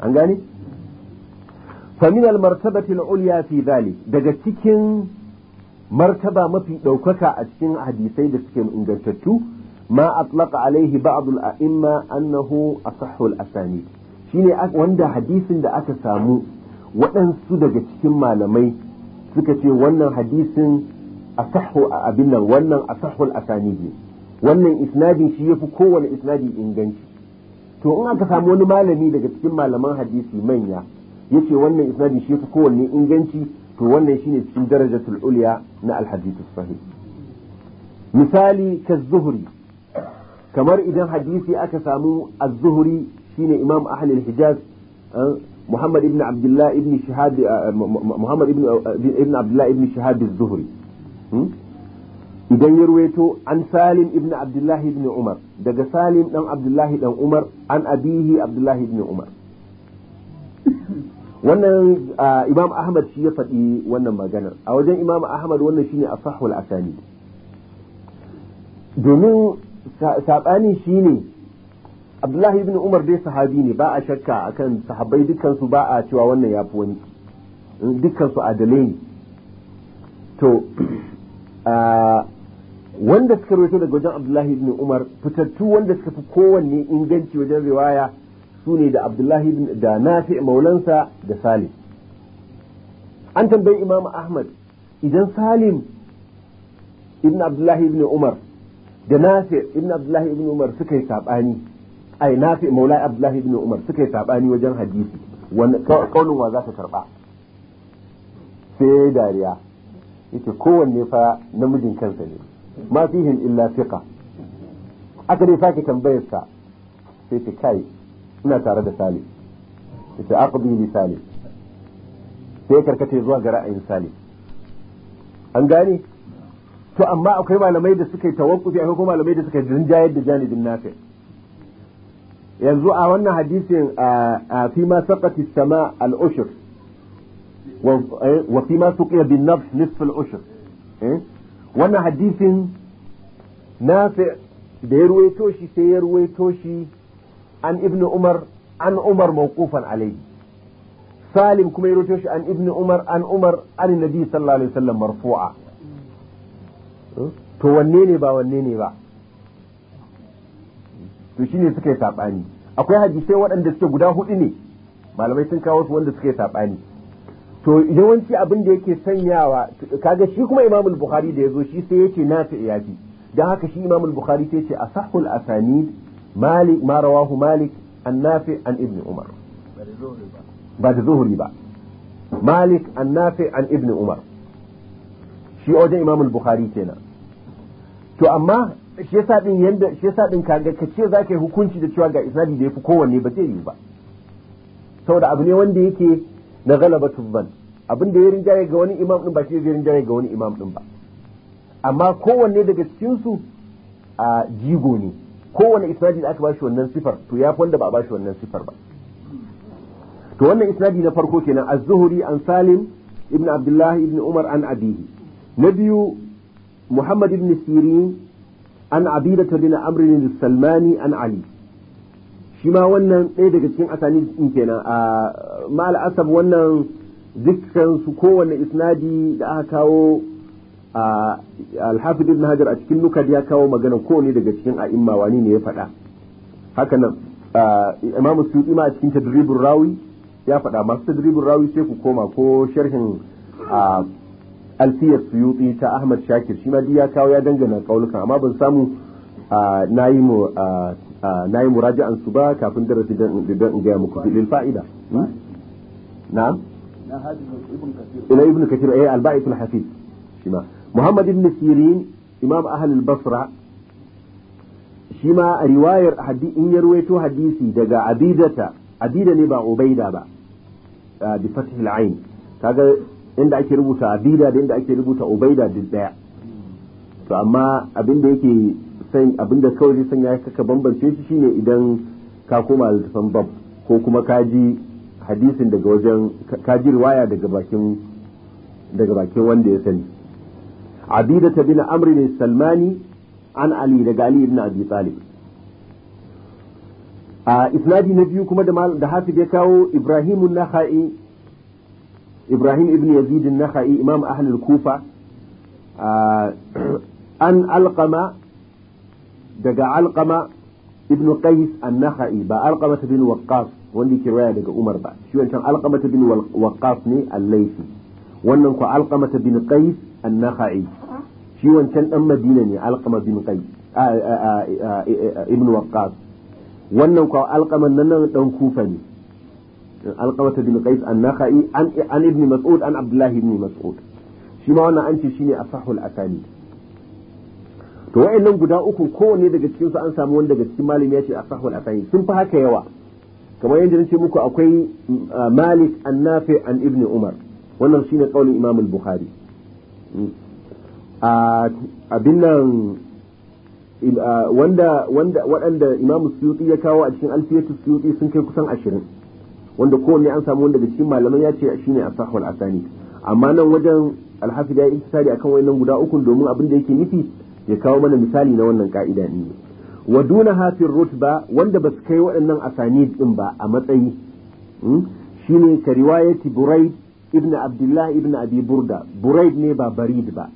an gane fa martabati al fi dhalik daga cikin martaba mafi ɗaukaka a cikin hadisai da suke ingantattu ma atlaqa alaihi ba'd al a'imma annahu asahhu al asanid shine wanda hadisin da aka samu waɗansu daga cikin malamai suka ce wannan hadisin asahu a abin nan wannan asahul asanidi wannan isnadin shi yafi kowane isnadi inganci to in aka samu wani malami daga cikin malaman hadisi manya yace wannan isnadin shi yafi kowanne inganci to wannan shine cikin darajatul ulya na alhadith sahih misali ka zuhri kamar idan hadisi aka samu az-zuhri shine imam ahli al-hijaz eh, muhammad ibn abdullah ibn shihab eh, eh, zuhri Hmm? idan ya ruwaito an salim ibn abdullahi ibn umar daga salim dan abdullahi dan umar an abihi abdullahi ibn umar wannan imam ahmad shi ya faɗi wannan maganar a wajen imam ahmad wannan shine a asani domin saɓani shine abdullahi ibn umar dai sahabi ne ba a shakka akan sahabbai dukansu ba a cewa wannan ya fi wani dukansu adalai ne to wanda suka rawaito daga wajen abdullahi ibn umar fitattu wanda suka fi kowanne inganci wajen riwaya su ne da abdullahi ibn da nafi maulansa da salim an tambayi imam ahmad idan salim ibn abdullahi ibn umar da nafi ibn abdullahi ibn umar suka yi sabani ai nafi maulai abdullahi ibn umar suka yi sabani wajen hadisi wanda kaulin wa za ka karba sai dariya yake kowanne fa namijin kansa ne ma fihin illa fiqa aka dai sake tambayar sa sai ta kai ina tare da Salim yace aqdi li Salim sai karkace zuwa ga ra'ayin Salim an gane to amma akwai malamai da suka tawakkufi akwai kuma malamai da suka rinjayar da janibin nafi yanzu a wannan hadisin a fi ma saqati sama al-ushr wa fi ma suqiya bin nafs nisf al wannan hadisin nafi da ya ruwaito shi sai ya ruwaito an ibn umar an umar mawqufan alayhi salim kuma ya ruwaito an ibn umar an umar an nabi sallallahu alaihi wasallam marfu'a to wanne ne ba wanne ne ba to shine suka yi akwai hadisai waɗanda suke guda hudu ne malamai sun kawo wanda suka saɓani. to yawanci abin da yake sanyawa kaga shi kuma imamul bukhari da yazo shi sai yace na ya bi dan haka shi imamul bukhari sai yace asahul asanid malik ma rawahu malik an nafi an ibn umar ba da zuhuri ba malik an nafi an ibn umar shi wajen imamul bukhari kenan to amma shi yasa din yanda shi yasa din kaga kace zaka yi hukunci da cewa ga isnadi da yafi kowanne ba zai yi ba saboda abu ne wanda yake na galabatun ban abin da ya rinjaye ga wani imam din ba shi zai rinjaye ga wani imam din ba amma kowanne daga cikin su a jigo ne kowanne isnadi da aka ba bashi wannan sifar to ya wanda ba a ba bashi wannan sifar ba to wannan isnadi na farko kenan az-zuhri an salim ibn abdullah ibn umar an abihi na biyu muhammad ibn sirin an abida tadina amrin bin salmani an ali shi ma wannan ɗaya daga cikin asani in kenan a ma'al asab wannan zikkan su kowanne isnadi da aka kawo a alhafid ibn hajar a cikin nukad ya kawo magana kowanne daga cikin imma wani ne ya faɗa haka nan imamu su ma a cikin tadribul rawi ya faɗa masu tadribul rawi sai ku koma ko sharhin alfiyar suyuti ta ahmad shakir shi ma ya kawo ya dangana kaulukan amma ban samu na yi mu Ah, na yi muraja'an su ba kafin darasi don in gaya muku lil fa'ida hmm? na ina ibn kathir ay eh, al-ba'ith al-hafiz shi muhammad ibn sirin imam ahl al-basra shi ma a riwayar in ya ruwaito hadisi daga abidata abida ne ba ubaida ba ah, bi fath al-ain kaga inda ake rubuta abida da inda ake rubuta ubaida duk daya to amma abin da yake san abinda kawai zai sanya ka bambance shi shine idan ka koma littafin bab ko kuma ka ji hadisin daga wajen ka ji riwaya daga bakin daga bakin wanda ya sani ta bin amri ne salmani an ali daga ali ibn abi talib a isnadi na biyu kuma da hafiz ya kawo ibrahim nakhai ibrahim ibn yazid nakhai imam ahlul kufa an alqama daga alqama ibn qais an-nakhai ba alqama bin waqqas wanda yake raya daga umar ba shi wancan alqama bin waqqas ne al-laythi wannan ko alqama bin qais an-nakhai shi wancan dan madina ne alqama bin qais ibn waqqas wannan ko alqaman nan dan kufa ne alqama bin qais an an ibn mas'ud an abdullah ibn mas'ud shi ma wannan an ce shine asahul asanid to wa'annan guda uku kowanne daga cikin su an samu wani daga cikin malami ya ce asahul asahi sun fi haka yawa kamar yadda nace muku akwai uh, Malik an-Nafi an Ibn Umar wannan shine kaulin Imam al-Bukhari mm. abin nan uh, wanda wanda waɗanda Imam Suyuti ya kawo a cikin Alfiyatu Suyuti sun kai kusan 20 wanda kowanne an samu wanda daga cikin malaman ya ce a asahul asani amma nan wajen alhafi da ya yi akan wayannan guda ukun domin abin da yake nufi ya kawo mana misali na wannan ka'ida ne wa duna hafin rutba wanda ba su kai waɗannan asanid din ba a matsayi hmm? shine ka riwayati buraid ibn abdullah ibn abi burda buraid ne ba barid ba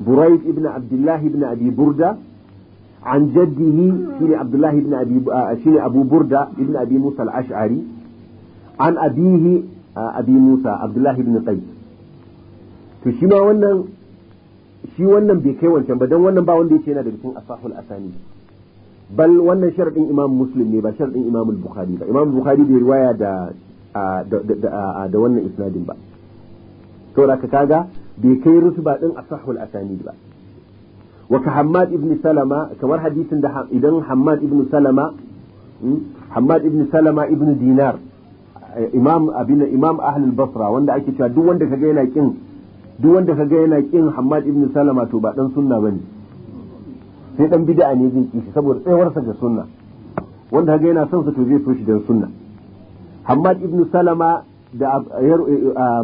buraid ibn abdullah ibn abi burda an جده shi عبد الله ibn أبي شين أبو بردة ابن musa موسى الأشعري عن to shi ma wannan shi wannan bai kai wancan ba don wannan ba wanda yake yana da cikin asahul asani bal wannan sharadin imam muslim ne ba sharadin imam bukhari ba imam bukhari bai riwaya da da wannan isnadin ba da ka kaga bai kai rutuba din asahul asani ba wa ka hammad ibn salama kamar hadisin da idan hammad ibn salama hmm, hammad ibn salama ibn dinar eh, imam abin imam ahlul basra wanda ake cewa duk wanda kaga yana kin duk wanda ka kaga yana kin Hammad ibn Salama to ba dan sunna bane sai dan bid'a ne zai kishi saboda sa ga sunna wanda ka ga yana son sa to zai toshi dan sunna Hammad ibn Salama da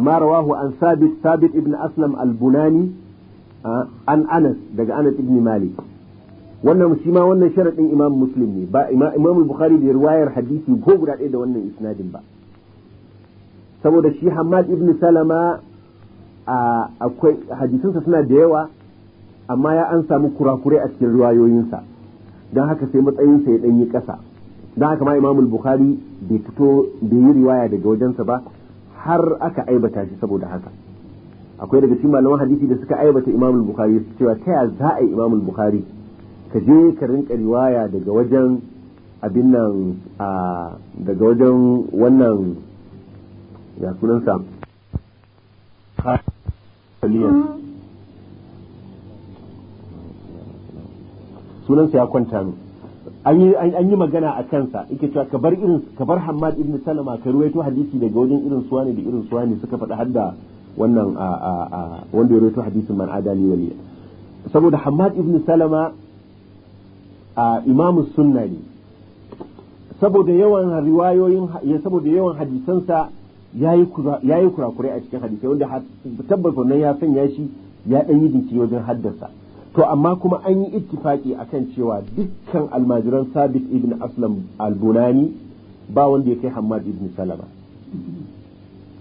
Marawahu an Sabit Sabit ibn Aslam al-Bunani an Anas daga Anas ibn Malik wannan shi ma wannan sharadin Imam Muslim ne ba Imam Bukhari da riwayar hadisi ko guda ɗaya da wannan isnadin ba saboda shi Hammad ibn Salama akwai suna da yawa amma ya an samu kurakurai a cikin riwayoyinsa don haka sai matsayinsa ya ɗanyi ƙasa don haka ma imamul bukhari bai fito bai yi riwaya daga wajensa ba har aka aibata shi saboda haka akwai daga cikin malaman hadisi da suka aibata imamul bukhari su cewa ta za a yi imamul bukhari ka je ka rinka riwaya daga wajen abin nan daga wajen wannan ya sunansa saliyan hmm. sunansa ya kwanta min an yi magana a kansa ike cewa ka bar irin ka bar Hammad ibn Salama ka ruwaito hadisi daga wajen irin ne da irin ne suka faɗa hadda wannan wanda ya ruwaito hadisin man adali wali saboda Hammad ibn Salama imamu sunna ne saboda yawan riwayoyin saboda yawan hadisansa ya yi kurakurai a cikin hadisai wanda tabbas wannan ya sanya shi ya ɗan yi jinkiri wajen haddasa to amma kuma an yi ittifaki akan cewa dukkan almajiran sabit ibn aslam albunani ba wanda ya kai hamad ibn salama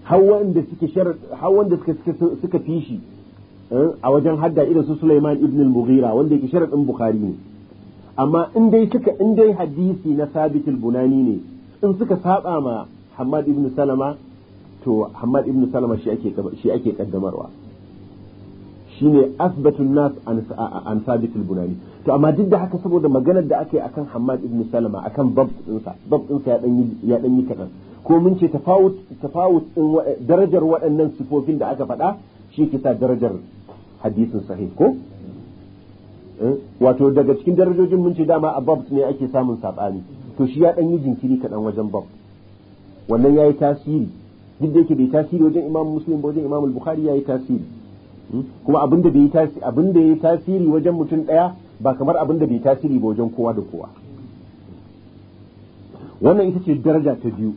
har wanda suke suka fi shi eh, a wajen hadda irin su Sulaiman ibn al-Mughira wanda yake sharadin Bukhari ne amma in dai suka in dai hadisi na Sabit bunani ne in suka saba ma hamad ibn Salama to Hamad ibn Salama shi ake shi ake kaddamarwa shine asbatun nas an sabit bunani to amma duk da haka saboda maganar da aka akan Hamad ibn Salama akan bab dinsa bab ya dan yi kadan ko mun ce tafawut tafawut darajar waɗannan sifofin da aka faɗa shi ke sa darajar hadisin sahih ko eh, wato daga cikin darajojin mun ce dama a bab ne ake samun sabani to shi ya dan yi jinkiri kadan wajen bab wannan yayi tasiri duk da yake bai tasiri wajen imam muslim ba wajen imam bukhari ya yi tasiri hmm? kuma abinda da bai tasiri tasiri wajen mutum daya ba kamar abinda bai tasiri ba wajen kowa da kowa wannan ita ce daraja ta biyu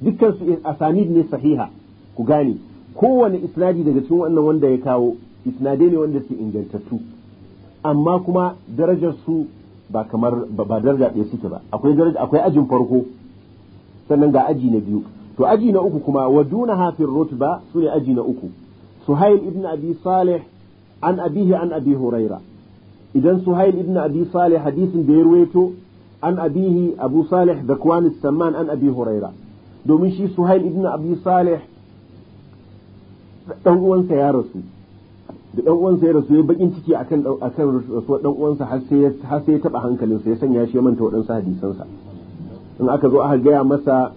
dukkan su asanid ne sahiha ku gane kowane isnadi daga cikin wannan wanda ya kawo isnadai ne wanda su ingantattu amma kuma darajar su ba kamar ba daraja ɗaya suke ba akwai daraja akwai ajin farko sannan ga aji na biyu to aji na uku kuma wa duna hafin rutba su ne aji na uku suhail ibn abi salih an abihi an abi huraira idan suhail ibn abi salih hadisin da ya ruwaito an abihi abu salih da kwani samman an abi huraira domin shi suhail ibn abi salih dan uwansa ya rasu da dan uwansa ya rasu ya bakin ciki akan akan rasuwar dan uwansa har sai har sai ya taba hankalinsa ya sanya shi ya manta wadansu hadisansa in aka zo aka gaya masa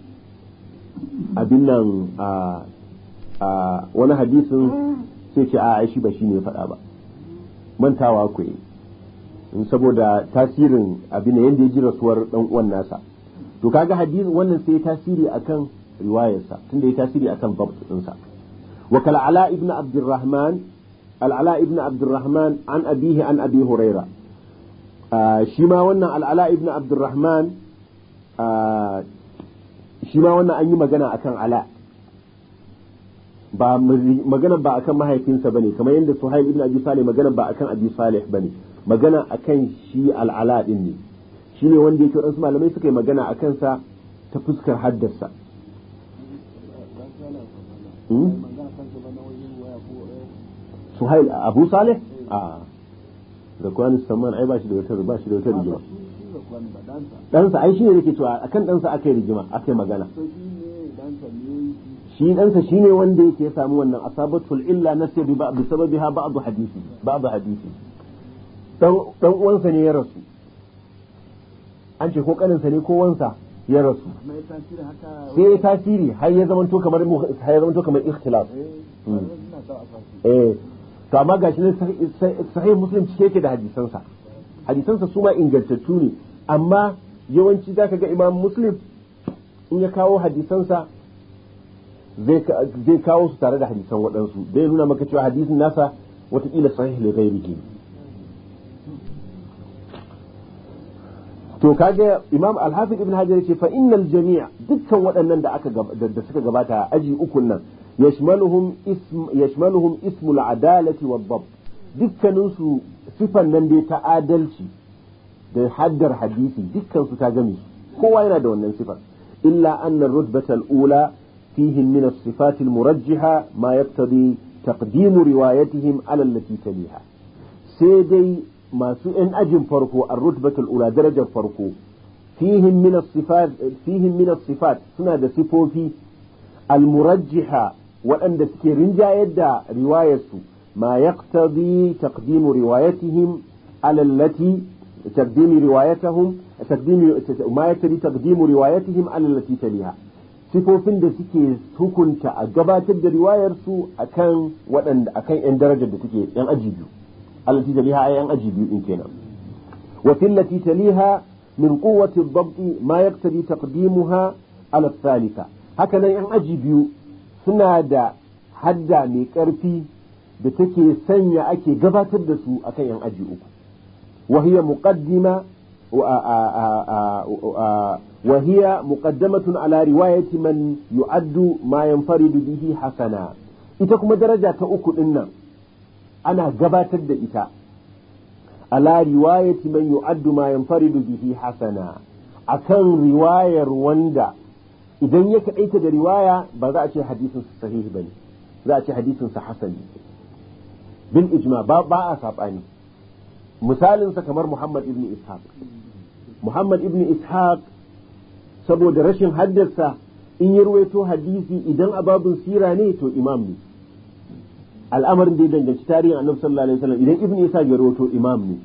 abin nan a wani hadisin sai ce a shi ba shi ne faɗa ba mantawa ku yi saboda tasirin abin da yadda ya ji rasuwar ɗan uwan nasa to kaga hadisin wannan sai tasiri akan riwayarsa tunda ya tasiri akan babt ɗinsa wa kal ala ibn abdurrahman al ala ibn abdurrahman an abihi an abi huraira shi ma wannan al'ala ala ibn abdurrahman shi ma wannan an yi magana akan ala ba magana ba akan mahaifinsa bane kamar yadda suhaib ibn abi salih magana ba akan abi salih bane magana akan shi al'ala din ne shine wanda yake wasu malamai suka yi magana akan sa ta fuskar haddarsa hmm? suhail abu salih a da kwanis saman ai ba shi da wata ba shi da wata rigima ɗansa ai shi ne nake cewa akan ɗansa aka yi rigima aka yi magana shi ɗansa shi ne wanda yake ya samu wannan asabatul illa na sai bi sababi ha ba'adu hadisi ba'adu hadisi dan uwansa ne ya rasu an ce ko kaninsa ne ko wansa ya rasu sai ya tasiri har ya zamanto kamar har ya zamanto kamar ikhtilaf eh, hmm. eh to amma gashi ne sahih muslim cike yake da hadisansa hadisansa su ma ingantattu ne amma yawanci za ka ga imam muslim in ya kawo hadisansa zai kawo su tare da hadisan waɗansu zai nuna maka cewa hadisin nasa watakila sahih zai rike. to kaga imam alhafiz ibn hajar ce fa innal jami'a dukkan waɗannan da aka da suka gabata aji ukun nan yashmaluhum ism yashmaluhum ismul adalati wad-dabt dukkanin su sifan nan dai ta adalci da haddar hadisi dukkan su ta gami kowa yana da wannan sifar illa anna rutbata alula fihi min as-sifat al murajjaha ma yaqtadi taqdim riwayatihim ala allati taliha sai dai masu yan ajin farko ar-rutbata alula darajar farko fihi min as-sifat fihi min as-sifat suna da sifofi al-murajjiha waɗanda suke rinjayar da riwayarsu ma yaqtadi taqdim riwayatihim ala allati تقديم روايتهم تقديم ما يتري تقديم روايتهم على التي تليها sifofin da suke hukunta a gabatar da riwayarsu a waɗanda a darajar da suke 'yan aji biyu allati taliha a 'yan aji biyu in kenan wa fillati taliha min quwwati dabbi ma yaqtadi taqdimuha ala thalitha haka nan 'yan aji biyu suna da hadda mai ƙarfi da take sanya ake gabatar da su akan 'yan aji uku وهي مقدمة وهي مقدمة على رواية من يعد ما ينفرد به حسنا ita kuma daraja ta uku din ana gabatar da ita ala riwayati man yu'addu ma yanfaridu bihi hasana akan riwayar wanda idan ya kaita da riwaya ba za a ce hadisin bane hasani bin ijma ba ba a sabani misalinsa kamar Muhammad ibn Ishaq Muhammad ibn Ishaq saboda rashin haddarsa in yi ruwaito hadisi idan ababun sira ne to imam ne al'amarin da ya danganci tarihin annabi sallallahu alaihi wasallam idan ibn Ishaq ya ruwaito imam ne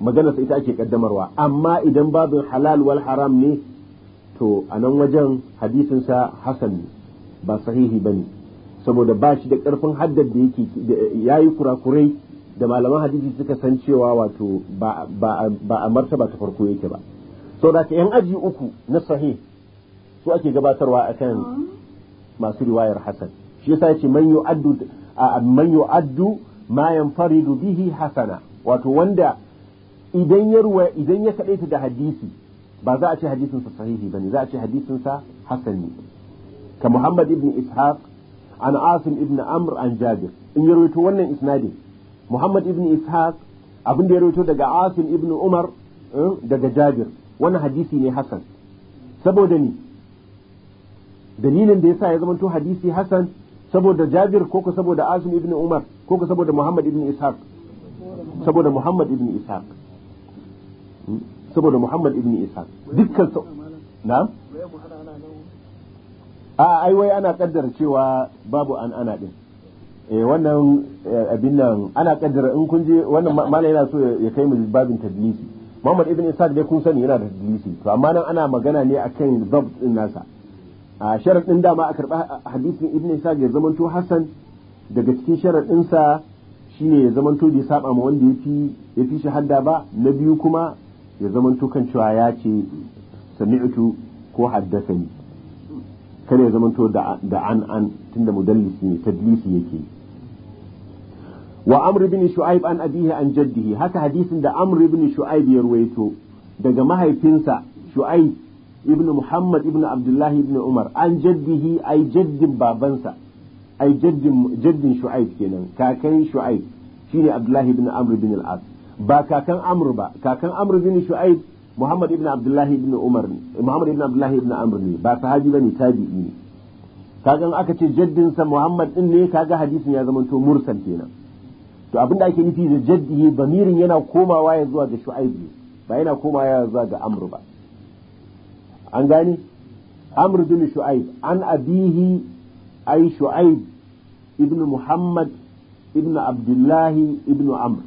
maganar ita ake kaddamarwa amma idan babin halal wal haram ne to a nan wajen hadisinsa hasan ne ba sahihi ba ne saboda ba shi da karfin haddar da yake yayi kurakurai da malaman hadisi suka san cewa wato ba a martaba ta farko yake ba so da yan aji uku na sahih su ake gabatarwa kan masu riwayar hasan shi yasa yace man yu'addu man yu'addu ma bihi hasana wato wanda idan ya ruwa idan ya kadaita da hadisi ba za a ce hadisin sa sahihi bane za a ce hadisin sa hasan ne ka Muhammad ibn Ishaq an Asim ibn Amr an Jabir in ya rawaito wannan isnadin Muhammad ibn Ishaq abin da ya rawaito daga Asim ibn Umar eh, daga Jabir wannan hadisi ne Hassan saboda ni dalilin da yasa ya zamanto hadisi Hassan saboda Jabir ko ko saboda Asim ibn Umar ko ko saboda Muhammad ibn Ishaq saboda Muhammad ibn Ishaq hmm? saboda Muhammad ibn Ishaq dukkan na'am a ah, ai wai ana kaddara cewa babu an ana din Eh, wannan eh, abin nan ana kaddara in kun je wannan mala yana so ya kai mu babin tadlisi Muhammad ibn Isaac dai kun sani yana da tadlisi to amma nan ana magana ne akan zabt din nasa a sharadin dama a karba hadisin ibn Isaac ya zamanto Hassan daga cikin sharadin sa shine ya zamanto bai saba ma wanda yafi yafi shi hadda ba na biyu kuma ya to kan cewa ya ce sami'tu ko haddathani kada ya zamanto da an an tunda mudallisi ne tadlisi yake wa amr ibn shu'aib an abihi an jaddihi haka hadisin da amr ibn shu'aib ya ruwaito daga mahaifinsa shu'aib ibn muhammad ibn abdullah ibn umar an jaddihi ai jaddin babansa ai jaddin jaddin shu'aib kenan kakan shu'aib shine abdullah ibn amr ibn al-as ba kakan amr ba kakan amr ibn shu'aib muhammad ibn abdullah ibn umar eh, muhammad ibn abdullah ibn amr ne ba sahabi bane tabi'i ne kakan aka ce jaddinsa muhammad din ne kaga hadisin ya to mursal kenan to abin da ake nufi da jaddihi bamirin yana komawa ya zuwa ga shu'aibu ba yana komawa ya zuwa ga amr ba an gane amr bin shu'aib an abihi ay shu'aib ibnu muhammad ibnu abdullah ibnu amr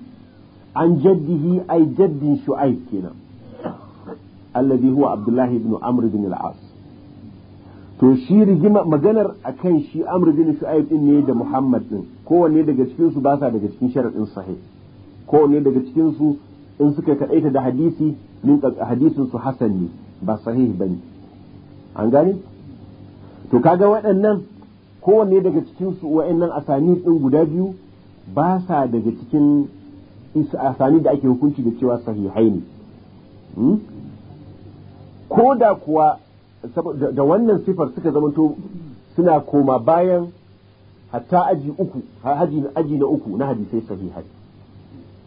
an jaddihi ay jaddin shu'aib kenan alladhi huwa abdullah ibnu amr bin al-as to shi rigima maganar akan shi amr bin shu'aib din ne da muhammad din kowanne daga cikin su ba sa daga cikin sharadin sahih kowanne daga cikin su in suka kadaita da hadisi min hadisin su hasan ne ba sahih bane an gane to kaga waɗannan kowanne daga cikin su waɗannan asani din guda biyu ba sa daga cikin asani da ake hukunci da cewa sahihai ne hmm? ko da kuwa da wannan sifar suka zamanto suna koma bayan hatta aji uku haji aji na uku na hadisai sahihai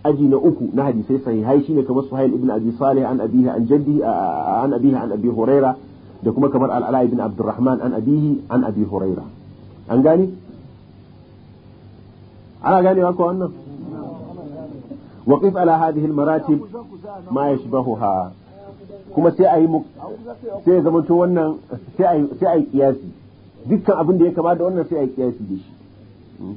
aji na uku na hadisai sahihai shine kamar Suhail ibn Abi Salih an abihi an jaddi an abihi an Abi Huraira da kuma kamar Al-Ala ibn Abdurrahman an abihi an Abi Huraira an gane ana ganewa ko wannan وقف على هذه المراتب ما يشبهها kuma sai a yi mu sai zama to wannan sai a yi kiyasi dukkan abin da ya kama da wannan sai a yi kiyasi da shi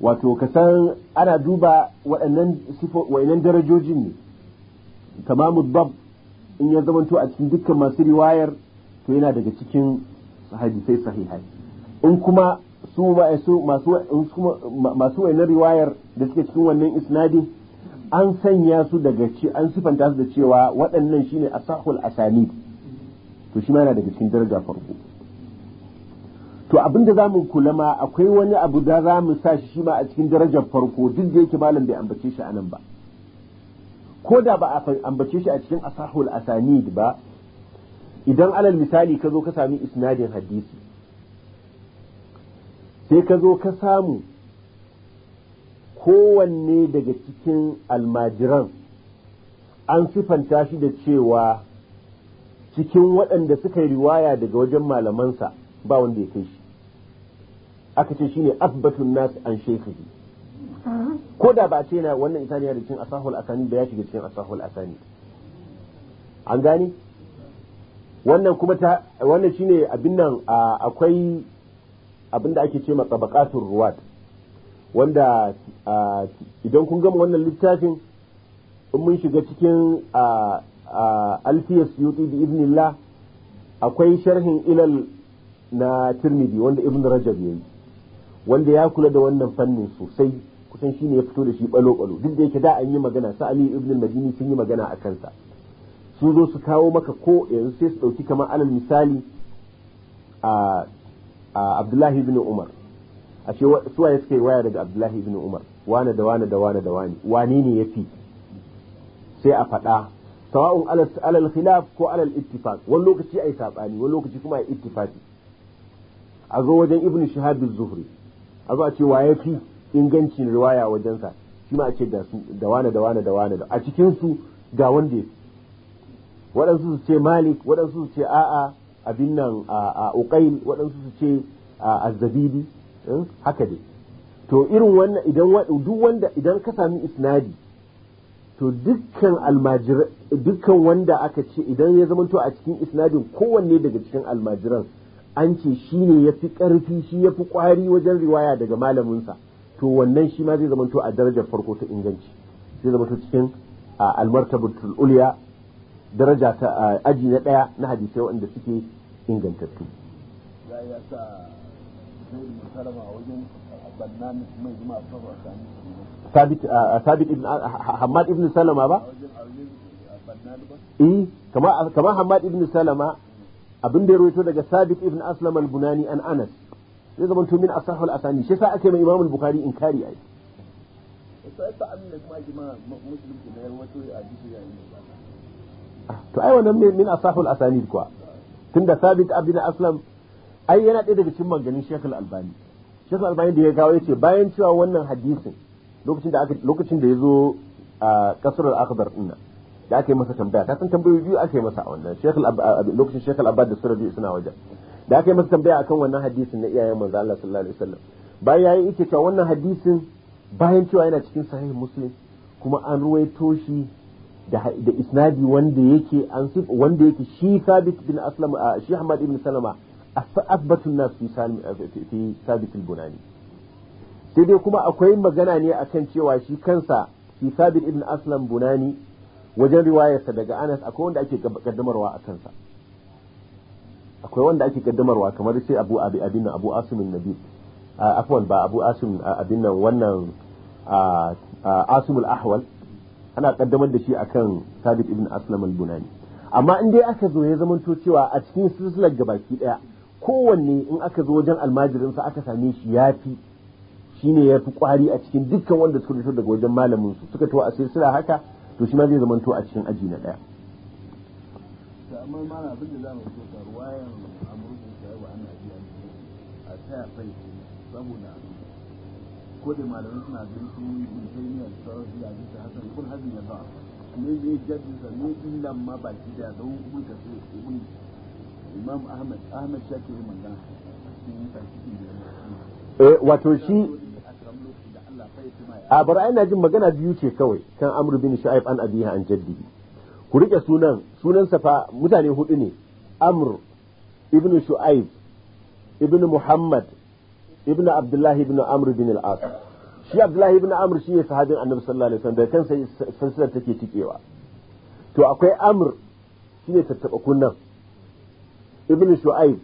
wato ka san ana duba waɗannan sifo waɗannan darajojin ne tamamu bab in ya zama to a cikin dukkan masu riwayar to yana daga cikin hadisai sahihai in kuma su masu masu waɗannan riwayar da suke cikin wannan isnadin an sanya su daga ci an sifanta su da cewa waɗannan shi shine asahul asanid to shi ma yana daga cikin daraja farko to abinda za mu kula ma akwai wani abu da za mu sa shi ma a cikin darajar farko duk da yake malam bai ambace shi anan ba ko da ba a ambace shi a cikin asahul asanid ba idan alal misali ka zo ka sami isnadin hadisi sai ka zo ka samu kowanne daga cikin almajiran an sifanta shi da cewa cikin waɗanda suka yi riwaya daga wajen malamansa ba wanda ya kai shi aka ce shi ne asibitin nasu an shekaru uh-huh. ko da ba ce na wannan ne da cikin asahul asani da ya shiga cikin asahul asani an gane wannan kuma ta wannan ne abin nan akwai abin da ake ce matsabakatun tabaqatul ruwat wanda idan kun gama wannan littafin in mun shiga cikin alfiyas yuti da ibnillah akwai sharhin ilal na tirmidhi wanda ibn rajab yayi wanda ya kula da wannan fannin sosai kusan shine ya fito da shi balo balo duk da yake da an yi magana sa ali ibn madini sun yi magana a kansa su zo su kawo maka ko yanzu sai su dauki kamar alal misali a abdullahi ibn umar ashe suwaye suka suke waya daga abdullahi ibn umar wane da wane da wane da wane wani ne ya fi sai a faɗa sawa'un alal khilaf ko alal ittifaq wani lokaci ai sabani wani lokaci kuma ai ittifaqi a zo wajen ibn shihab az-zuhri a zo a ce waye fi ingancin riwaya wajen sa shi ma a ce da su da wane da wane da wane a cikin su ga wanda waɗansu su ce malik waɗansu su ce a'a abin nan a uqayl waɗansu su ce azzabibi Eh, haka dai to irin wannan idan duk wanda idan ka sami isnadi to dukkan almajir dukkan wanda aka ce idan ya zamanto a cikin isnadin kowanne daga cikin almajiran an ce shine ne ya fi ƙarfi shi ya fi ƙwari wajen riwaya daga malaminsa to wannan shi ma zai zamanto a darajar farko ta inganci zai zamanto cikin almartabatul ulya daraja ta aji na ɗaya na hadisai waɗanda suke ingantattu. Ah, ah, sabit ibn ah, hamad ibn salama ba eh kamar kamar ibn salama abin da ya rawaito daga sabit ibn aslam al-bunani an anas zai zama to min asah al-asani shi yasa ake mai imam bukhari inkari ai to ai min kuwa tunda sabit ibn aslam ai yana ɗaya daga cikin manganin Sheikh Al-Albani Sheikh Al-Albani da ya kawo yace bayan cewa wannan hadisin lokacin da aka lokacin da yazo a kasar al-akhdar da aka yi masa tambaya ta san tambayoyi biyu aka yi masa a wannan Sheikh lokacin Sheikh al da da rabi suna wajen da aka yi masa tambaya akan wannan hadisin na iyayen manzo Allah sallallahu alaihi wasallam bayan yayi ita cewa wannan hadisin bayan cewa yana cikin sahih Muslim kuma an ruwaito shi da isnadi wanda yake an wanda yake shi Sabit bin Aslam shi Ahmad ibn Salama أثبت الناس في, في ثابت البناني سيدي كما أكوي مغانا ني أكن شوى شي كنسا في ثابت ابن أسلم بناني وجن رواية صدق أنس أكوي وند أكي قدم قدمر كنسا أكوي وند أكي قدم قدمر كما رسي أبو أبي أبينا أبو أسم النبي أفوا با أبو أسم أبينا وانا أسم الأحوال أنا قدمت شي أكن ثابت ابن أسلم البناني amma in dai aka zo ya to cewa a cikin silsilar gabaki daya kowanne in aka zo wajen almajirinsa aka same shi ya fi shi ne ya fi kwari a cikin dukkan wanda suka fito daga wajen malaminsu suka to a silsila haka to shi ma zai zama to a cikin aji na ɗaya. ko da malamai suna bin su ibn taymiya da a su ya bisa hasan kun hajji ya ba ne zai jaddisa ne illan ma baki da don ibn kasir ibn imam ahmad ahmad shakiri mangan eh wato shi a bara ina jin magana biyu ce kawai kan amr bin shu'aib an abiha an jaddi ku rike sunan sunan safa mutane hudu ne amr ibn shu'aib ibn muhammad ibn abdullahi ibn amr bin al-as shi abdullahi ibn amr shi ne sahabin annabi sallallahu alaihi wasallam da kansa sansalar take tikewa to akwai amr shi ne tattaba kunnan ibn shu'aib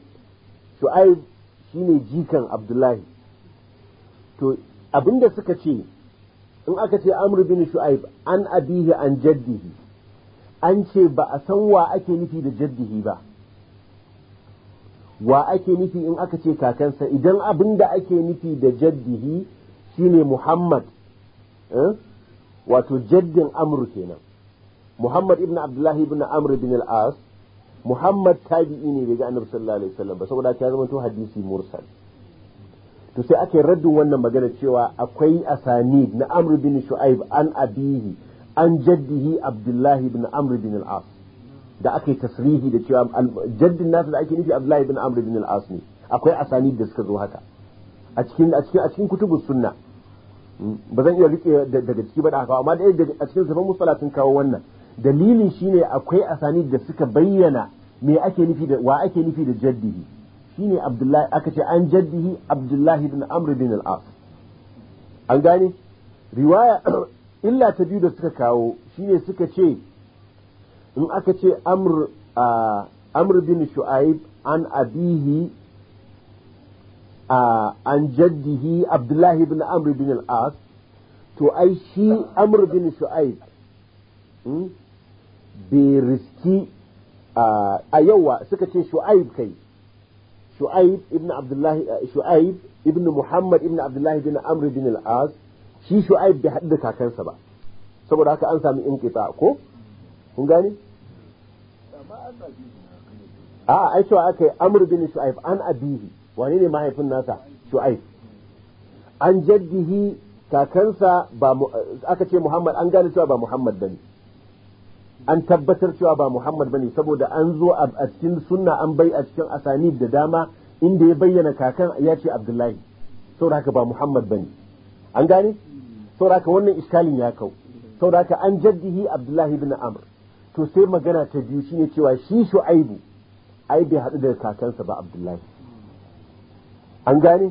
shu'aib shine jikan abdullahi to abinda suka ce in aka ce amr bin shu'aib an abihi an jaddihi an ce ba a san wa ake nufi da jaddihi ba wa ake nufi in aka ce kakansa idan abinda ake nufi da jaddihi shine muhammad eh? wato jaddin amr kenan muhammad ibn abdullahi ibn amr bin al-as muhammad tabi'i ne daga ga annabi sallallahu alaihi wasallam ba saboda ta zama to hadisi mursal to sai ake raddin wannan magana cewa akwai asanid na amr bin shu'aib an abihi an jaddihi abdullahi bin amr bin al-as da ake tasrihi da cewa jaddin nasu da ake nufi abdullahi bin amr bin al-as ne akwai asanid da suka zo haka a cikin a cikin a cikin kutubus sunna hmm, ba zan iya rike daga ciki ba da haka amma da a cikin zaman musalla sun kawo wannan dalilin shine akwai asani da suka bayyana me ake nufi da wa ake nufi da jaddihi shine abdullahi aka ce an jaddihi abdullahi bin amr bin al-as an gane riwaya illa ta biyu da suka kawo shine suka ce in aka ce amr amr bin shu'aib an abihi an jaddihi abdullahi bin amr bin al-as to ai shi amr bin shu'aib hmm? bai riski a yawa suka ce shu'aib kai shu'aib ibn abdullahi shu'aib ibn muhammad ibn abdullahi bin amr bin al-as shi shu'aib bai haɗu da kakansa ba saboda haka an sami inqita ko kun gane a a aisha aka yi amr bin shu'aib an abihi wane ne mahaifin nasa shu'aib an jaddihi kakansa ba aka ce muhammad an gane cewa ba muhammad bane an tabbatar cewa ba Muhammad bane saboda an zo a cikin sunna an bai a cikin asani da dama inda ya bayyana kakan ya ce Abdullahi saboda haka ba Muhammad bane an gane saboda haka wannan iskalin ya kau saboda haka an jaddihi Abdullahi ibn Amr to sai magana ta biyu shine cewa shi Shu'aibu ai bai hadu da kakansa ba Abdullahi an gane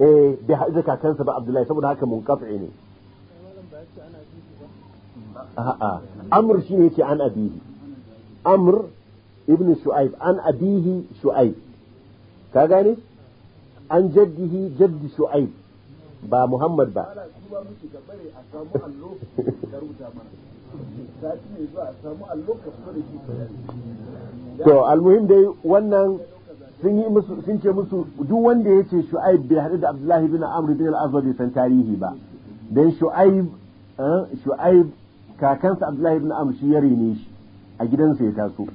eh bai hadu da kakansa ba Abdullahi saboda haka munqati ne a'a amr shi ne yake an abihi amr ibn shu'aib an abihi shu'aib ka gane an jaddihi jaddi shu'aib ba muhammad ba to almuhim dai wannan sun yi musu sun ce musu duk wanda ya ce shu'aib bai haɗu da abdullahi bin amr bin al-azhar bai san tarihi ba dan shu'aib eh, shu'aib kakansa abdullahi ibn amshi ya rene shi a gidansa ya taso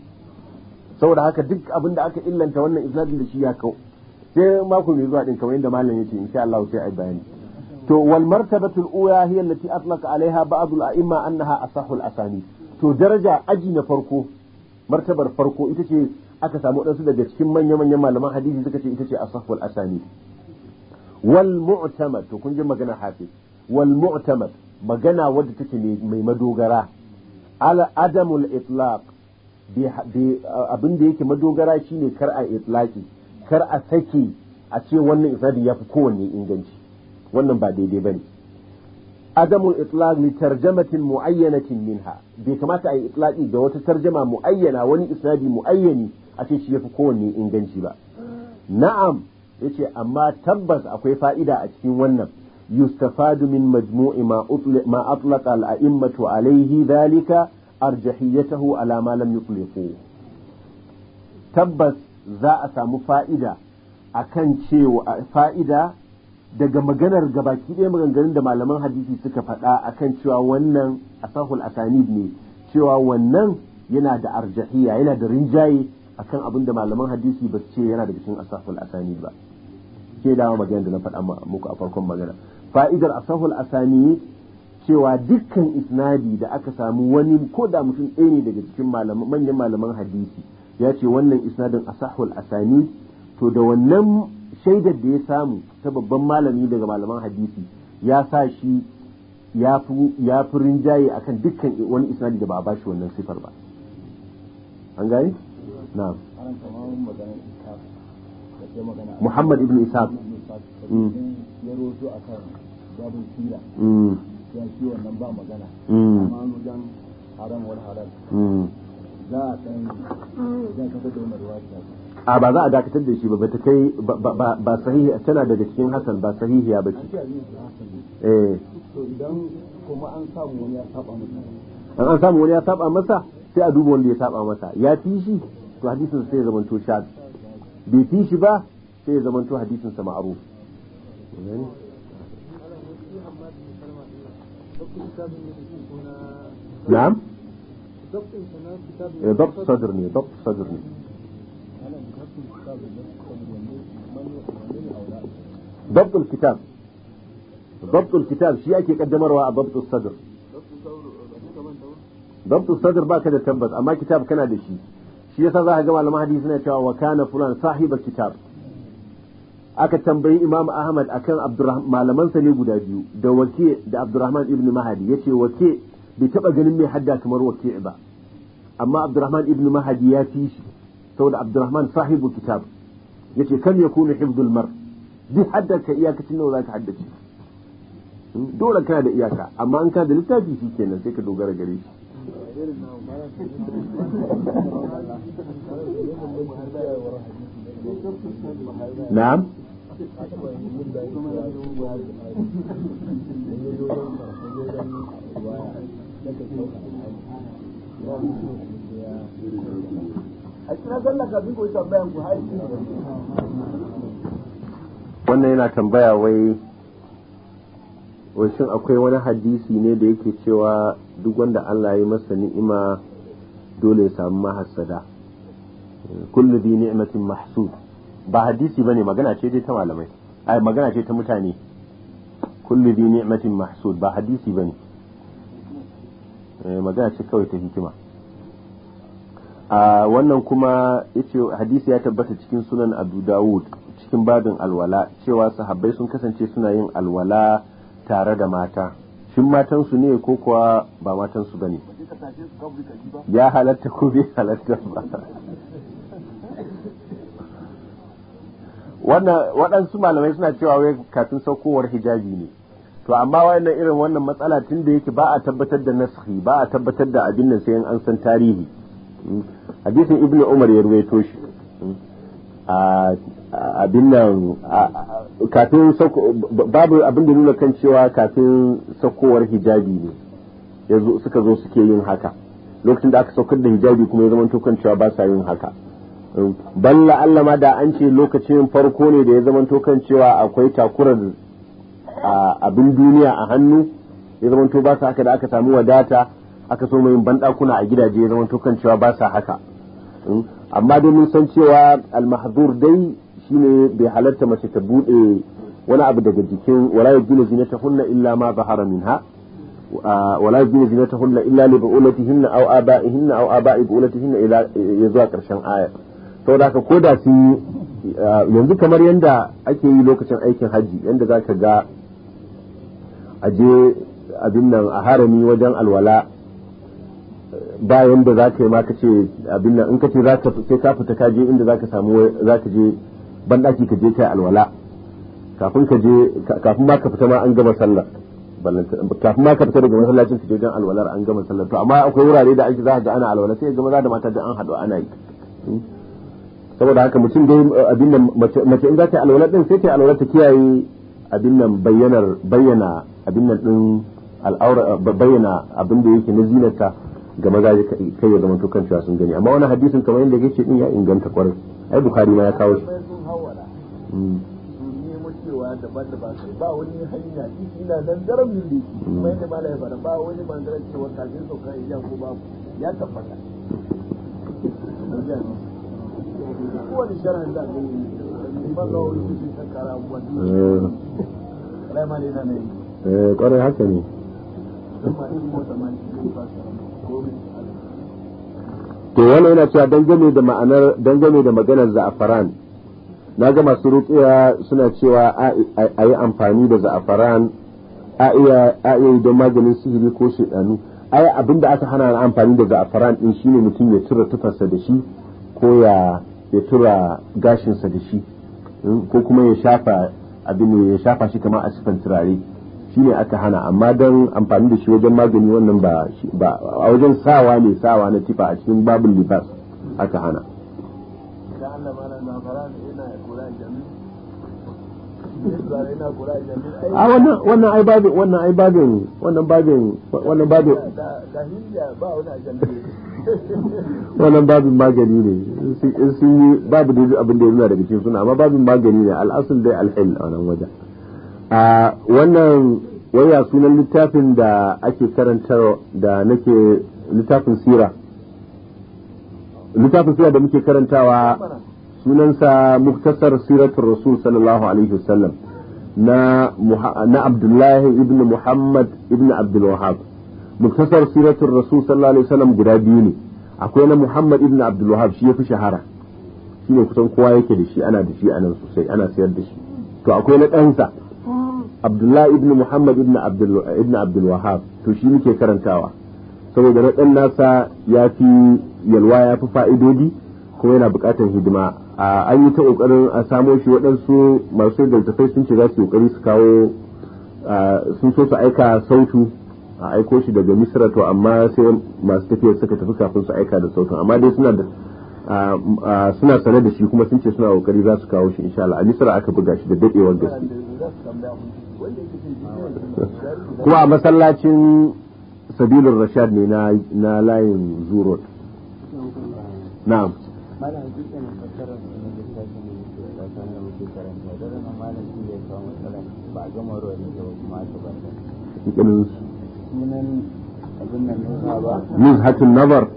saboda haka duk abin da aka illanta wannan isnadin da shi ya kau sai mako mai zuwa din kamar yadda malam yake insha Allah sai ai bayani to wal al ula hiya allati atlaqa alaiha ba'd al a'imma annaha asahul asani to daraja aji na farko martabar farko ita ce aka samu su daga cikin manya manyan malaman hadisi suka ce ita ce asahul asani wal mu'tamad to kun ji magana hafi wal mu'tamad magana wadda take mai madogara ala adamul itlaq abin da yake madogara shine kar a itlaqi kar a sake a ce wannan isnadi ya fi kowanne inganci wannan ba daidai bane adamul itlaq ni tarjamatin muayyanatin minha bai kamata a yi itlaqi da wata tarjama muayyana wani isnadi muayyani a ce shi ya fi kowanne inganci ba na'am yace amma tabbas akwai fa'ida a cikin wannan يستفاد من مجموع ما أطلق, ما أطلق الأئمة عليه ذلك أرجحيته على ما لم يطلقوه تبس ذا أسام أكن شيء فائدة daga maganar gabaki ɗaya maganganun da malaman hadisi suka faɗa kan cewa wannan asahul asanid ne cewa wannan yana da arjahiya yana da rinjaye a kan abin da malaman hadisi ba su ce yana da cikin asahul asanid ba ke dama magana da na faɗa muku a farkon magana fa'idar a asani cewa dukkan isnadi da aka samu wani ko da mutum ɗaya ne daga cikin manyan malaman hadisi ya ce wannan isnadin a asani to da wannan shaidar da ya samu ta babban malami daga malaman hadisi ya sa shi ya fi rinjaye akan dukkan wani isnadi da ba a bashi wannan sifar ba an gani? na'am Muhammad ibn Isaac. Mm. Ya roto a kan Babu sira mm. ya shi wannan ba magana mm. amma an wajen haram wani haram mm. za a san za a kasar da wani ruwa a ba za a dakatar da shi ba ta kai ba sahihi tana daga cikin hasan ba sahihiya ba ce eh idan kuma an samu wani ya saba masa an samu wani ya saba masa sai a duba wanda ya saba masa ya fi shi to hadisin sai ya zamanto shad bai fi shi ba sai ya zamanto hadisin sa ma'ruf نعم ضبط صدرني ضبط صدرني ضبط الكتاب ضبط الكتاب شيء يكي قد مروا ضبط الصدر ضبط الصدر بقى كده تنبت اما كتاب كان هذا الشيء شيء يتظاهر جمع لما حديثنا وكان فلان صاحب الكتاب aka tambayi imam ahmad akan malaman malamansa ne guda biyu da wake da abdurrahman ibn mahadi yace wake bai taba ganin mai hadda kamar wake ba amma abdurrahman ibn mahadi ya fi shi saboda abdurrahman sahibu kitab yace kan yakunu hifdul mar duk haddar ka iyakacin nawa zaka haddace dole kana da iyaka amma an ka da littafi shi kenan sai ka dogara gare shi na'am. wannan yana tambaya wai shin akwai wani hadisi ne da yake cewa duk wanda Allah ya yi masa ni'ima dole ya samu mahassada kullu bi ni'matin mahsud ba hadisi bane magana ce dai ta malamai ai magana ce ta mutane kullu bi ni'matin mahsud ba hadisi bane eh magana ce kawai ta hikima a ah, wannan kuma yace hadisi ya tabbata cikin sunan Abu Dawud cikin babin alwala cewa sahabbai sun kasance suna yin alwala tare da mata shin matan su ne ko kuwa ba matan su bane ya halatta ko bai halatta ba waɗansu malamai suna cewa wai kafin saukowar hijabi ne to amma wannan irin wannan matsala tun da yake ba a tabbatar da naskhi ba a tabbatar da abin nan sai an san tarihi hmm. hadisin ibnu umar ya ruwaito shi hmm. abin nan kafin babu abin da nuna kan cewa kafin saukowar hijabi ne yanzu suka zo suke yin haka lokacin da aka saukar da hijabi kuma ya zama kan cewa ba sa yin haka balla Allah ma da an ce lokacin farko ne da ya zamanto kan cewa akwai takurar abin duniya a hannu ya zamanto ba sa haka da aka samu wadata aka so mai banɗakuna a gidaje ya zamanto kan cewa ba sa haka hmm? amma dai mun san cewa almahzur dai shine bai halarta mace ta bude wani abu daga jikin wala yajina hunna illa ma zahara minha zinata hunna illa li لبؤولتهن aw aba'ihinna aw aba'i بؤولتهن ila yazwa karshen ayat saboda haka ko da yi yanzu kamar yadda ake yi lokacin aikin hajji yadda za ka ga aje abin nan a harami wajen alwala bayan da za ka yi maka ce abin nan in ka ce sai ka fita ka inda za ka samu za ka je banɗaki ka je kai alwala kafin ka je kafin ma ka fita ma an gama sallar kafin ma ka fita daga masallacin ka je wajen alwalar an gama sallar to amma akwai wurare da ake za ka ga ana alwala sai ya gama za da mata da an haɗu ana yi hmm? saboda haka mutum dai eh, abin nan mace in za ta alwala din sai ta alwala ta kiyaye abin nan bayyanar bayyana abin nan din al'aura eh, bayyana abin da yake na zinarta ga maza kai ya zama tukan cewa sun gani amma wani hadisin kamar yadda yake din ya inganta kwarai ai bukhari ma ya kawo shi daban-daban mm. ba wani hanya ina nan ba mm. ya ba wani bangaren cewa kafin sauka ya ya tabbata eh, eh haka ne to wannan yana cewa dangane da ma'anar dangane da maganar za'afaran na ga masu rukiya suna cewa a yi amfani da za'afaran a iya yi don maganin sihiri ko a yi abinda aka hana amfani da za'afaran din shine mutum ya cire tufarsa da shi ko ya ya tura gashinsa da shi hmm, ko kuma ya shafa abin ya shafa shi kama a sifan turare shi ne aka hana amma don amfani da shi wajen magani wannan ba a wajen sawa ne sawa na tifa a cikin babin libas aka hana a wannan ai babin wannan ai babin wannan babin wannan babin wannan babin magani ne in sun yi babu da abin da ya daga cikin suna amma babin magani ne al'asun dai alhail a wannan wajen a wannan waya sunan littafin da ake karanta da nake littafin sira littafin sira da muke karantawa sunansa muktasar siratul rasul sallallahu alaihi wasallam na na abdullahi ibn muhammad ibn abdul muktasar siratul rasul sallallahu alaihi wasallam guda biyu ne akwai na muhammad ibn abdul wahab shi yafi shahara shi ne kusan kowa yake da shi ana da shi anan sosai ana sayar da shi to akwai na ɗansa abdullahi ibn muhammad ibn abdul ibn abdul wahab to shi muke karantawa saboda na ɗan nasa ya fi yalwa ya fi fa'idodi kuma yana buƙatar hidima an yi ta ƙoƙarin a samo shi waɗansu masu da sun ce za su yi ƙoƙari su kawo sun so su aika sautu a aiko shi daga misra to amma sai masu tafiyar suka tafi kafin su aika da sautin amma dai suna da suna sanar da shi kuma sun ce suna kokari za su kawo shi insha Allah a misra aka buga shi da dadewar gaske kuma a masallacin sabilun rashad ne na layin zurot na'am من أظن النظر نزهة النظر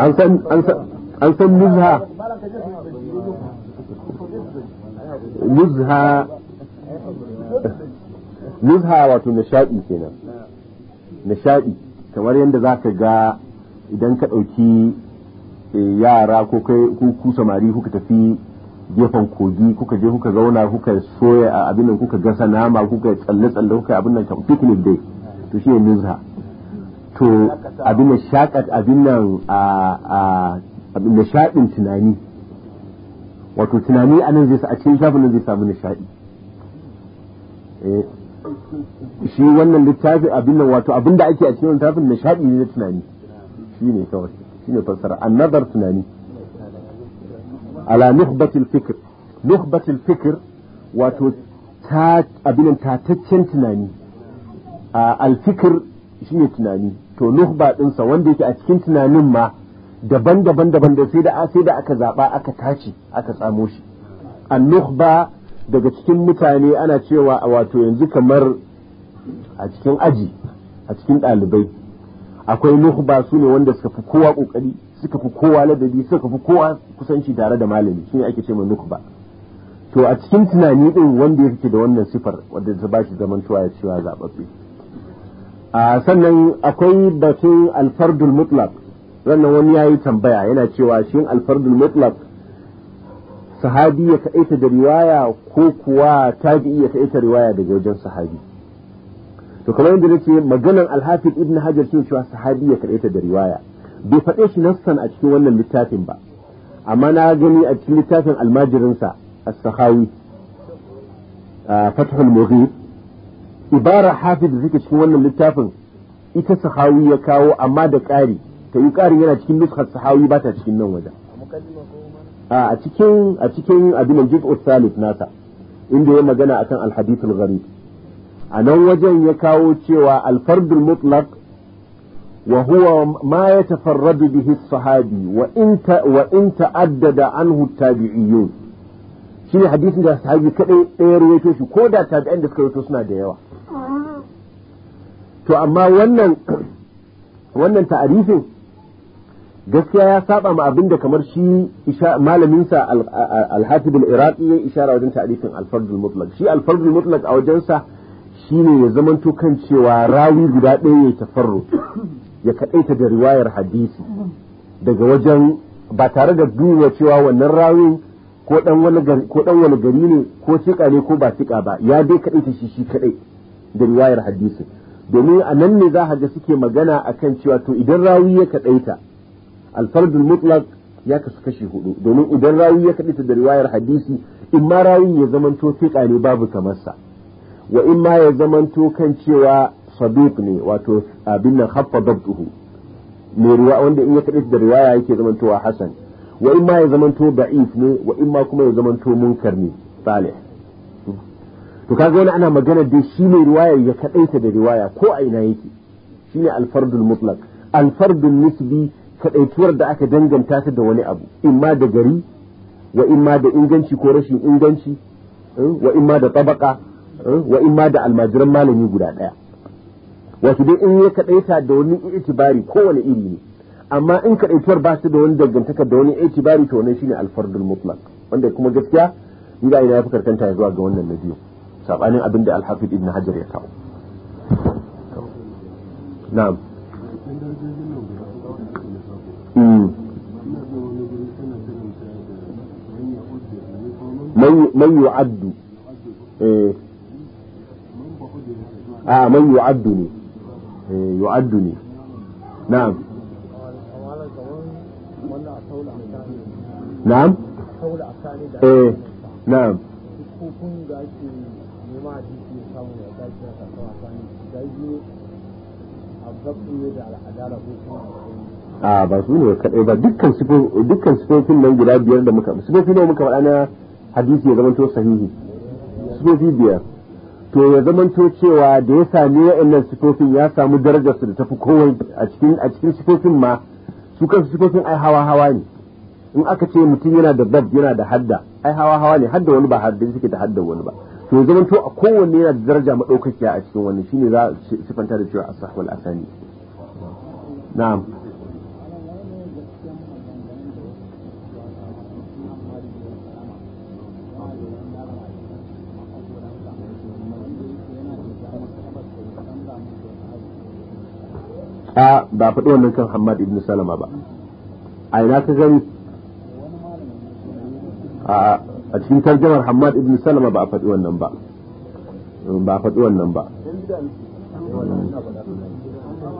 أنسان أنسان نزهة نزهة نزهة wato nishaɗi kenan nishaɗi kamar yadda za ka ga idan ka ɗauki yara ko kai ku samari kuka tafi gefen kogi kuka je kuka zauna kuka soya a abin nan kuka gasa nama kuka tsalle tsalle kuka abin nan picnic day to shine nizha to abin nan shakat abin nan a a nishadin tunani wato tunani a nan zai sa a cikin shafin nan zai samu nishadi eh, shi wannan littafi abin nan wato abin da ake a cikin littafin nishadi ne na tunani shine kawai shine fassara annadar tunani ala nuhbatil fikr nuhbatil fikr wato ta abinan tataccen tunani alfikir shine tunani to nuhba dinsa wanda yake a cikin tunanin ma daban-daban daban da sai da sai da aka zaɓa aka tace aka samo shi an nuhba daga cikin mutane ana cewa wato yanzu kamar a cikin aji a cikin ɗalibai akwai nuhba su ne wanda suka fi kowa ƙoƙari suka fi kowa ladabi suka fi kowa kusanci tare da malami shine ake ce nuku ba to a cikin tunani din wanda yake da wannan sifar wanda ta bashi zaman tuwa ya cewa zababbe a sannan akwai batun alfardul Mutlak. wannan wani ya yi tambaya yana cewa shi alfardul Mutlak. sahabi ya kaita da riwaya ko kuwa tabi'i ya kaita riwaya daga wajen sahabi to kamar yadda nake maganar alhafiz ibn hajar shi cewa sahabi ya kaita da riwaya bai faɗe shi nassan a cikin wannan littafin ba amma na gani a cikin littafin almajirinsa a sahawi fatahul mughir ibara hafiz da cikin wannan littafin ita sahawi ya kawo amma da ƙari ta yi ƙarin yana cikin nuskar sahawi ba ta cikin nan wajen a cikin a cikin abinan juz'ul salif nasa inda ya magana akan al al-gharib a nan wajen ya kawo cewa alfardul mutlak. mutlaq وهو ما يتفرد به الصحابي وإن, وإن تعدد عنه التابعيون شيء حديث ده صحابي كده يرويته شو كودا تابعين دسك يتوسنا ديوا to amma wannan ta'arifin gaskiya ya saba ma abinda kamar shi malaminsa al-hatib al-iraqi ya ishara wajen ta'arifin al-fardul mutlaq shi al-fardul mutlaq a sa shine ya zamanto kan cewa rawi guda ɗaya ya tafarru ya kaɗaita da riwayar hadisi daga wajen ba tare da duba cewa wannan rawi ko dan wani gari ne ko cika ne ko ba cika ba ya dai kaɗaita shi shi kaɗai da riwayar hadisi domin a nan ne za a ga suke magana a kan cewa to idan rawi ya kaɗaita alfardul mutlak ya kasu kashi hudu domin idan rawi ya kaɗaita da riwayar hadisi in ma rawi ya zamanto cika ne babu kamarsa wa in ma ya zamanto kan cewa saduq ne wato abin nan haffa dabtuhu mai ruwa wanda in ya kaɗe da riwaya yake zamantowa hasan wa ma ya zamanto da'if ne wa ma kuma ya zamanto munkar ne salih to kaga wani ana magana dai shi mai riwaya ya kaɗaita da riwaya ko a ina yake shine alfardul mutlaq alfardul nisbi kaɗaituwar da aka danganta ta da wani abu ma da gari wa ma da inganci ko rashin inganci wa ma da tabaka wa ma da almajiran malami guda ɗaya wasu dai in ya kaɗaita da wani itibari kowane iri ne amma in kadaituwar ba su da wani dangantaka da wani itibari to wannan shine alfardul mutlaq wanda kuma gaskiya ni da ina fi karkanta ya zuwa ga wannan na biyu sabanin abin da alhafid ibn hajar ya kawo na'am من يعد ايه اه من يعد Eh, yu'addu ne na'am na'am eh na'am a ah, ba su ne ba dukkan dukkan nan guda biyar da muka sifofi ne muka faɗa na hadisi ya zama to sahihi sifofi biyar to ya zamanto cewa da ya sami wa'annan sifofin ya samu darajar su da tafi kowai a cikin a cikin sifofin ma su kansu sifofin ai hawa hawa ne in aka ce mutum yana da bab yana da hadda ai hawa hawa ne hadda wani ba hadda suke da hadda wani ba to ya zamanto a kowanne yana da daraja madaukakiya a cikin wani shine za su sifanta da cewa asahul asani na'am a ba faɗi wannan kan Hamad ibn Salama ba a ina ka gani a a cikin tarjamar Hamad ibn Salama ba a faɗi wannan ba ba a faɗi wannan ba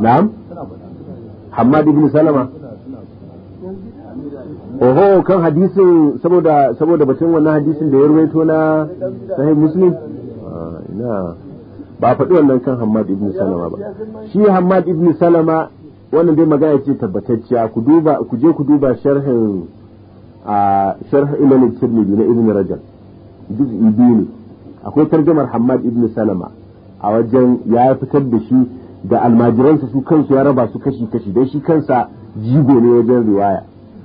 na'am Hamad ibn Salama oho kan hadisin saboda saboda batun wannan hadisin da ya ruwaito na sahih muslim ah, ina ba a faɗi wannan kan Hammad ibn Salama ba shi Hammad ibn Salama wannan dai magana ce tabbatacciya ku duba ku je ku duba sharhin a sharh Imam Tirmidhi na Ibn Rajab juz'i biyu ne akwai tarjumar Hammad ibn Salama a wajen ya fitar da shi da almajiransa su kansu ya raba su kashi kashi dai shi kansa jigo ne wajen riwaya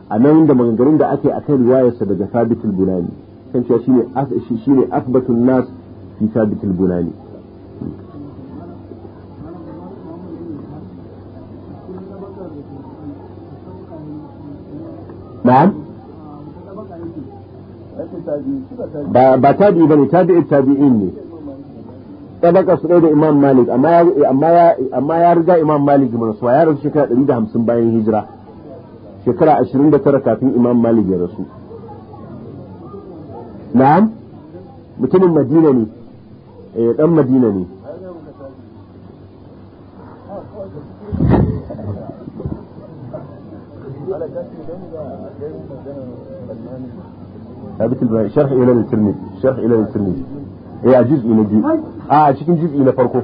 a nan da maganganun da ake akan riwayarsa daga Thabit al-Bunani kan cewa shine shine asbatun nas fi Thabit al-Bunani ba tabi ba ne tabi bane tabi'in ne tabaka su da imam malik amma ya riga imam malik mun rasuwa ya rasu shekara 150 bayan hijira shekara 29 kafin imam malik ya rasu na mutumin madina ne eh, ɗan dan madina ne sharh ilal tirmidhi sharh ilal tirmidhi eh a juz'i na biyu ah, a cikin juz'i na farko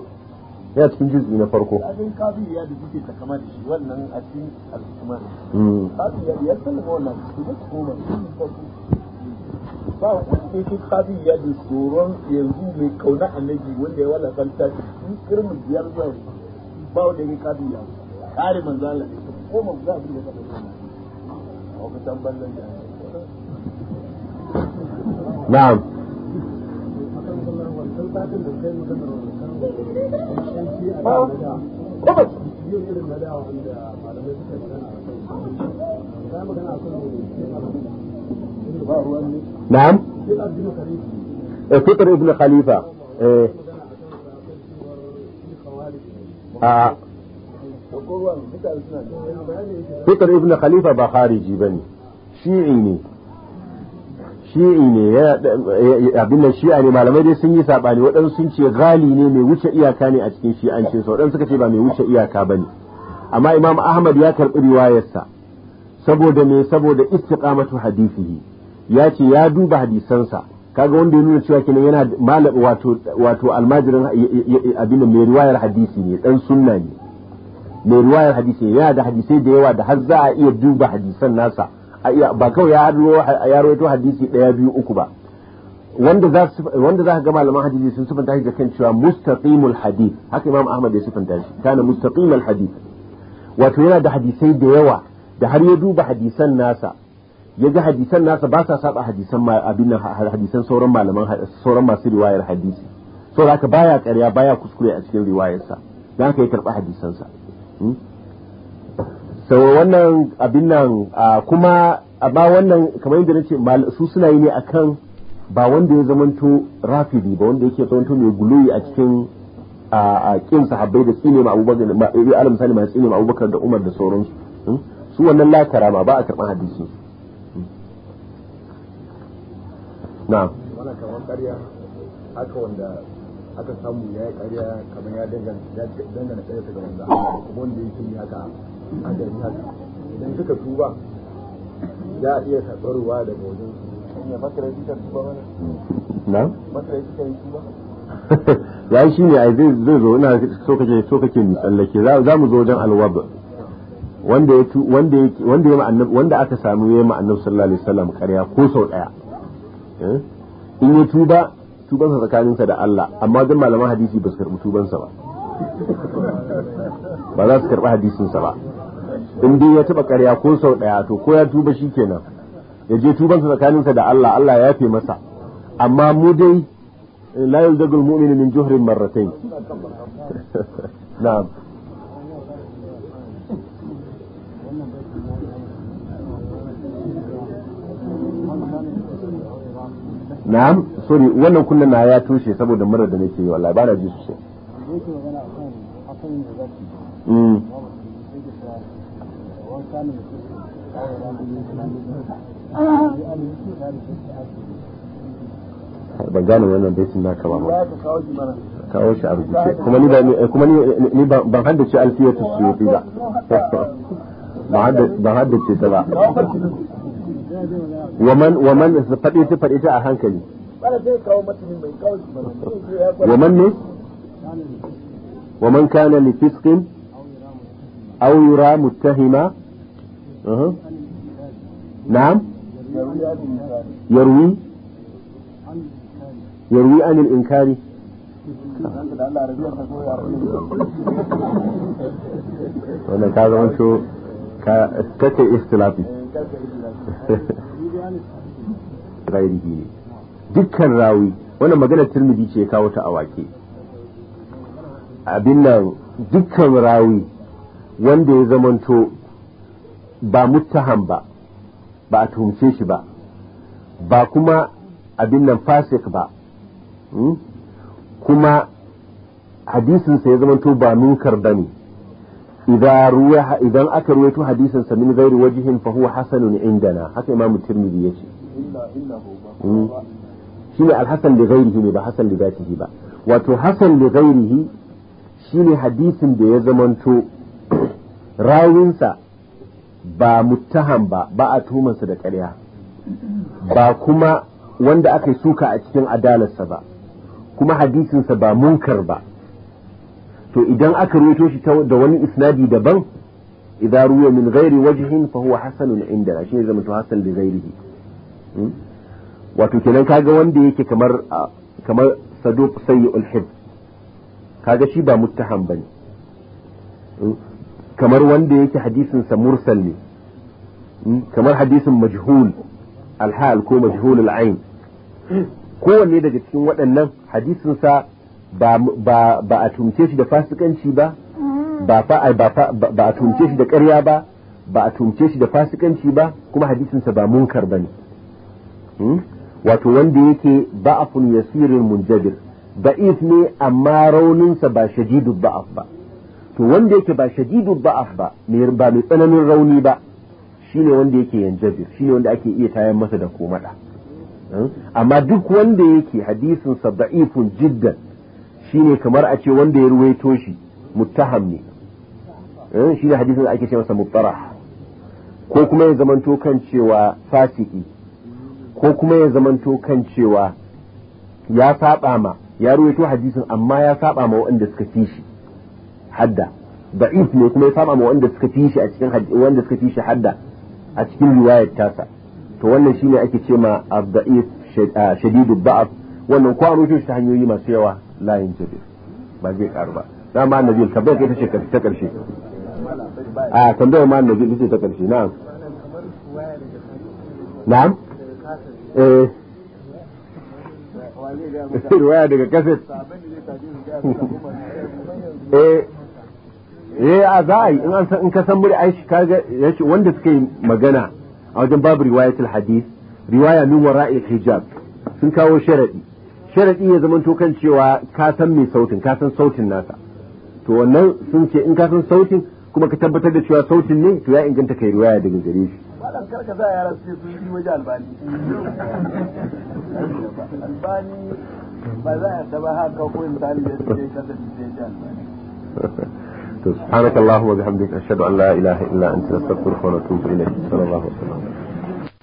ya cikin ya da kuke ta wannan a cikin al-hikma hmm. ya ya san wannan shi ne kuma ba wanda yake kabi da tsoron yanzu mai kauna annabi wanda ya wala kanta in kirmin biyar نعم نعم فطر ابن خليفة ايه آه. fitar ibn khalifa ba khariji ne, shi'i ne shi'i ne abin shi'a ne malamai dai sun yi saɓani waɗansu sun ce gali ne mai wuce iyaka ne a cikin shi'ancin sa waɗansu suka ce ba mai wuce iyaka bane amma imam ahmad ya karɓi riwayarsa saboda me saboda istiqamatu hadisihi ya ce ya duba hadisansa kaga wanda ya nuna cewa kenan yana wato wato almajirin abin mai riwayar hadisi ne dan sunna ne mai riwayar hadisi yana da hadisai da yawa da har za a iya duba hadisan nasa ba kawai ya rawaito hadisi daya biyu uku ba wanda za ka ga malaman hadisi sun sifanta shi da kan cewa mustaqimul hadith haka imam ahmad ya sifanta shi kana mustaqimul hadith wato yana da hadisai da yawa da har ya duba hadisan nasa ya ga hadisan nasa ba sa saba hadisan abin hadisan sauran malaman sauran masu riwayar hadisi saboda haka baya karya baya kuskure a cikin riwayarsa dan haka ya karba hadisansa Hmm? sau wannan abin nan kuma ba wannan kamar yadda na ce su suna yi ne kan ba wanda ya zamanto rafidi ba wanda yake zamanto mai guloyi a cikin a kin sahabbai da tsine ma abubakar eh, alam sani ma tsine ma abubakar da umar da sauransu hmm? su wannan la ma ba a karban hadisi hmm? na wannan kamar ƙarya haka wanda aka samu ya yi ƙarya kamar ya dangana ƙarya ta gaban da wanda yake yi haka a gari haka idan suka tuba ya iya karɓarwa daga wajen su ya fasara shi kan tuba mana na fasara shi kan tuba ya yi shi ne a zai zai zo ina so kake so kake tsallake za mu zo wajen alwab wanda ya wanda ya wanda ya annabi wanda aka samu ya ma annabi sallallahu alaihi wasallam ƙarya ko sau daya eh? in ya tuba tubansa tsakaninsa da Allah amma duk malaman hadisi ba su karɓi tubansa ba ba za su karɓi hadisinsa ba in dai ya taɓa ƙarya ko sau ɗaya to ko ya tuba shi kenan ya je tubansa tsakaninsa da Allah Allah ya yafe masa amma mu dai la yuzagul mu'minu min juhrin marratayn na'am na'am sorry wannan kunnen na ya toshe saboda murar da nake yi wallahi ba na ji sosai mm. ban gane wannan da baitin naka ba kawo shi a rubuce kuma ni ba kuma ni ban haddace alfiyatu suyuti ba ba ban haddace ta ba waman waman faɗi ta faɗi ta a hankali waman ne waman kana li fisqin aw yura muttahima na'am yarwi يروي عن الإنكار وانا كذا انتو كتك اختلافي ghairihi ne dukkan rawi wannan maganar tirmidhi ce kawo ta awake abin nan dukkan rawi wanda ya zamanto ba muttaham ba ba a tuhumce shi ba ba kuma abin nan fasik ba hmm? kuma hadisinsa ya zamanto ba munkar ba ne idan aka ruwaito hadisin sa min ghairi wajhin fa huwa hasanun indana haka imamu tirmidhi yace shine alhasan da ghairihi ne ba hasan da zatihi ba wato hasan da ghairihi shine hadisin da ya zamanto rawinsa ba muttaham ba ba a tuhumarsa da ƙarya ba kuma wanda aka yi suka a cikin adalarsa ba kuma hadisinsa ba munkar ba to idan aka ruwaito shi da wani isnadi daban idza ruwiya min ghairi wajhin fa huwa hasanun indana shine zama to hasan li ghairihi hmm? wato kenan kaga wanda yake kamar kamar saduq sayyi'ul hib kaga shi ba muttaham bane hmm? kamar wanda yake hadisin sa mursal ne hmm? kamar hadisin majhul alhal ko majhul al'ain kowanne daga cikin waɗannan hadisin sa ba a tumce shi da fasikanci mm. ba ba a tumce shi da ƙarya ba ba a tumce shi da fasikanci ba kuma hadisinsa ba munkar ba ne hmm? wato wanda yake ba'afun yasirin munjabir da'if ne amma rauninsa ba shadidu ba'af ba to wanda yake ba shadidu ba'af ba ba mai tsananin rauni ba shine wanda yake yanjabir shine wanda ake iya tayar masa da komada hmm? amma duk wanda yake hadisinsa da'ifun jiddan shine kamar a ce wanda ya ruwaito shi muttaham ne eh, shi ne hadisin da ake ce masa muttarah ko kuma ya zamanto kan cewa fasiki ko kuma ya zamanto kan cewa ya saba ma ya ruwaito hadisin amma ya saba ma waɗanda suka fi shi hadda da'if ne kuma ya saba ma waɗanda suka fi shi a cikin waɗanda suka fi shi hadda a cikin riwayar tasa to wannan shine ake ce ma abda'if shadidu ah, ba'af wannan ko an rubuto shi ta hanyoyi masu yawa la yanjabir ba zai karu ba dama annabi tambayar kai ta ce ta karshe a tambayar ma annabi ita ce ta karshe na'am na'am eh riwaya daga kaset eh eh a za a yi in an san in ka san muri aishi kaga yace wanda suka yi magana a wajen babu riwayatul hadith riwaya min wara'il hijab sun kawo sharadi sharaɗi ya zama to kan cewa ka san mai sautin ka san sautin nasa to wannan sun ce in ka san sautin kuma ka tabbatar da cewa sautin ne to ya inganta kai riwaya daga gare shi سبحانك اللهم وبحمدك أشهد أن لا إله إلا أنت نستغفرك ونتوب إليك صلى الله عليه وسلم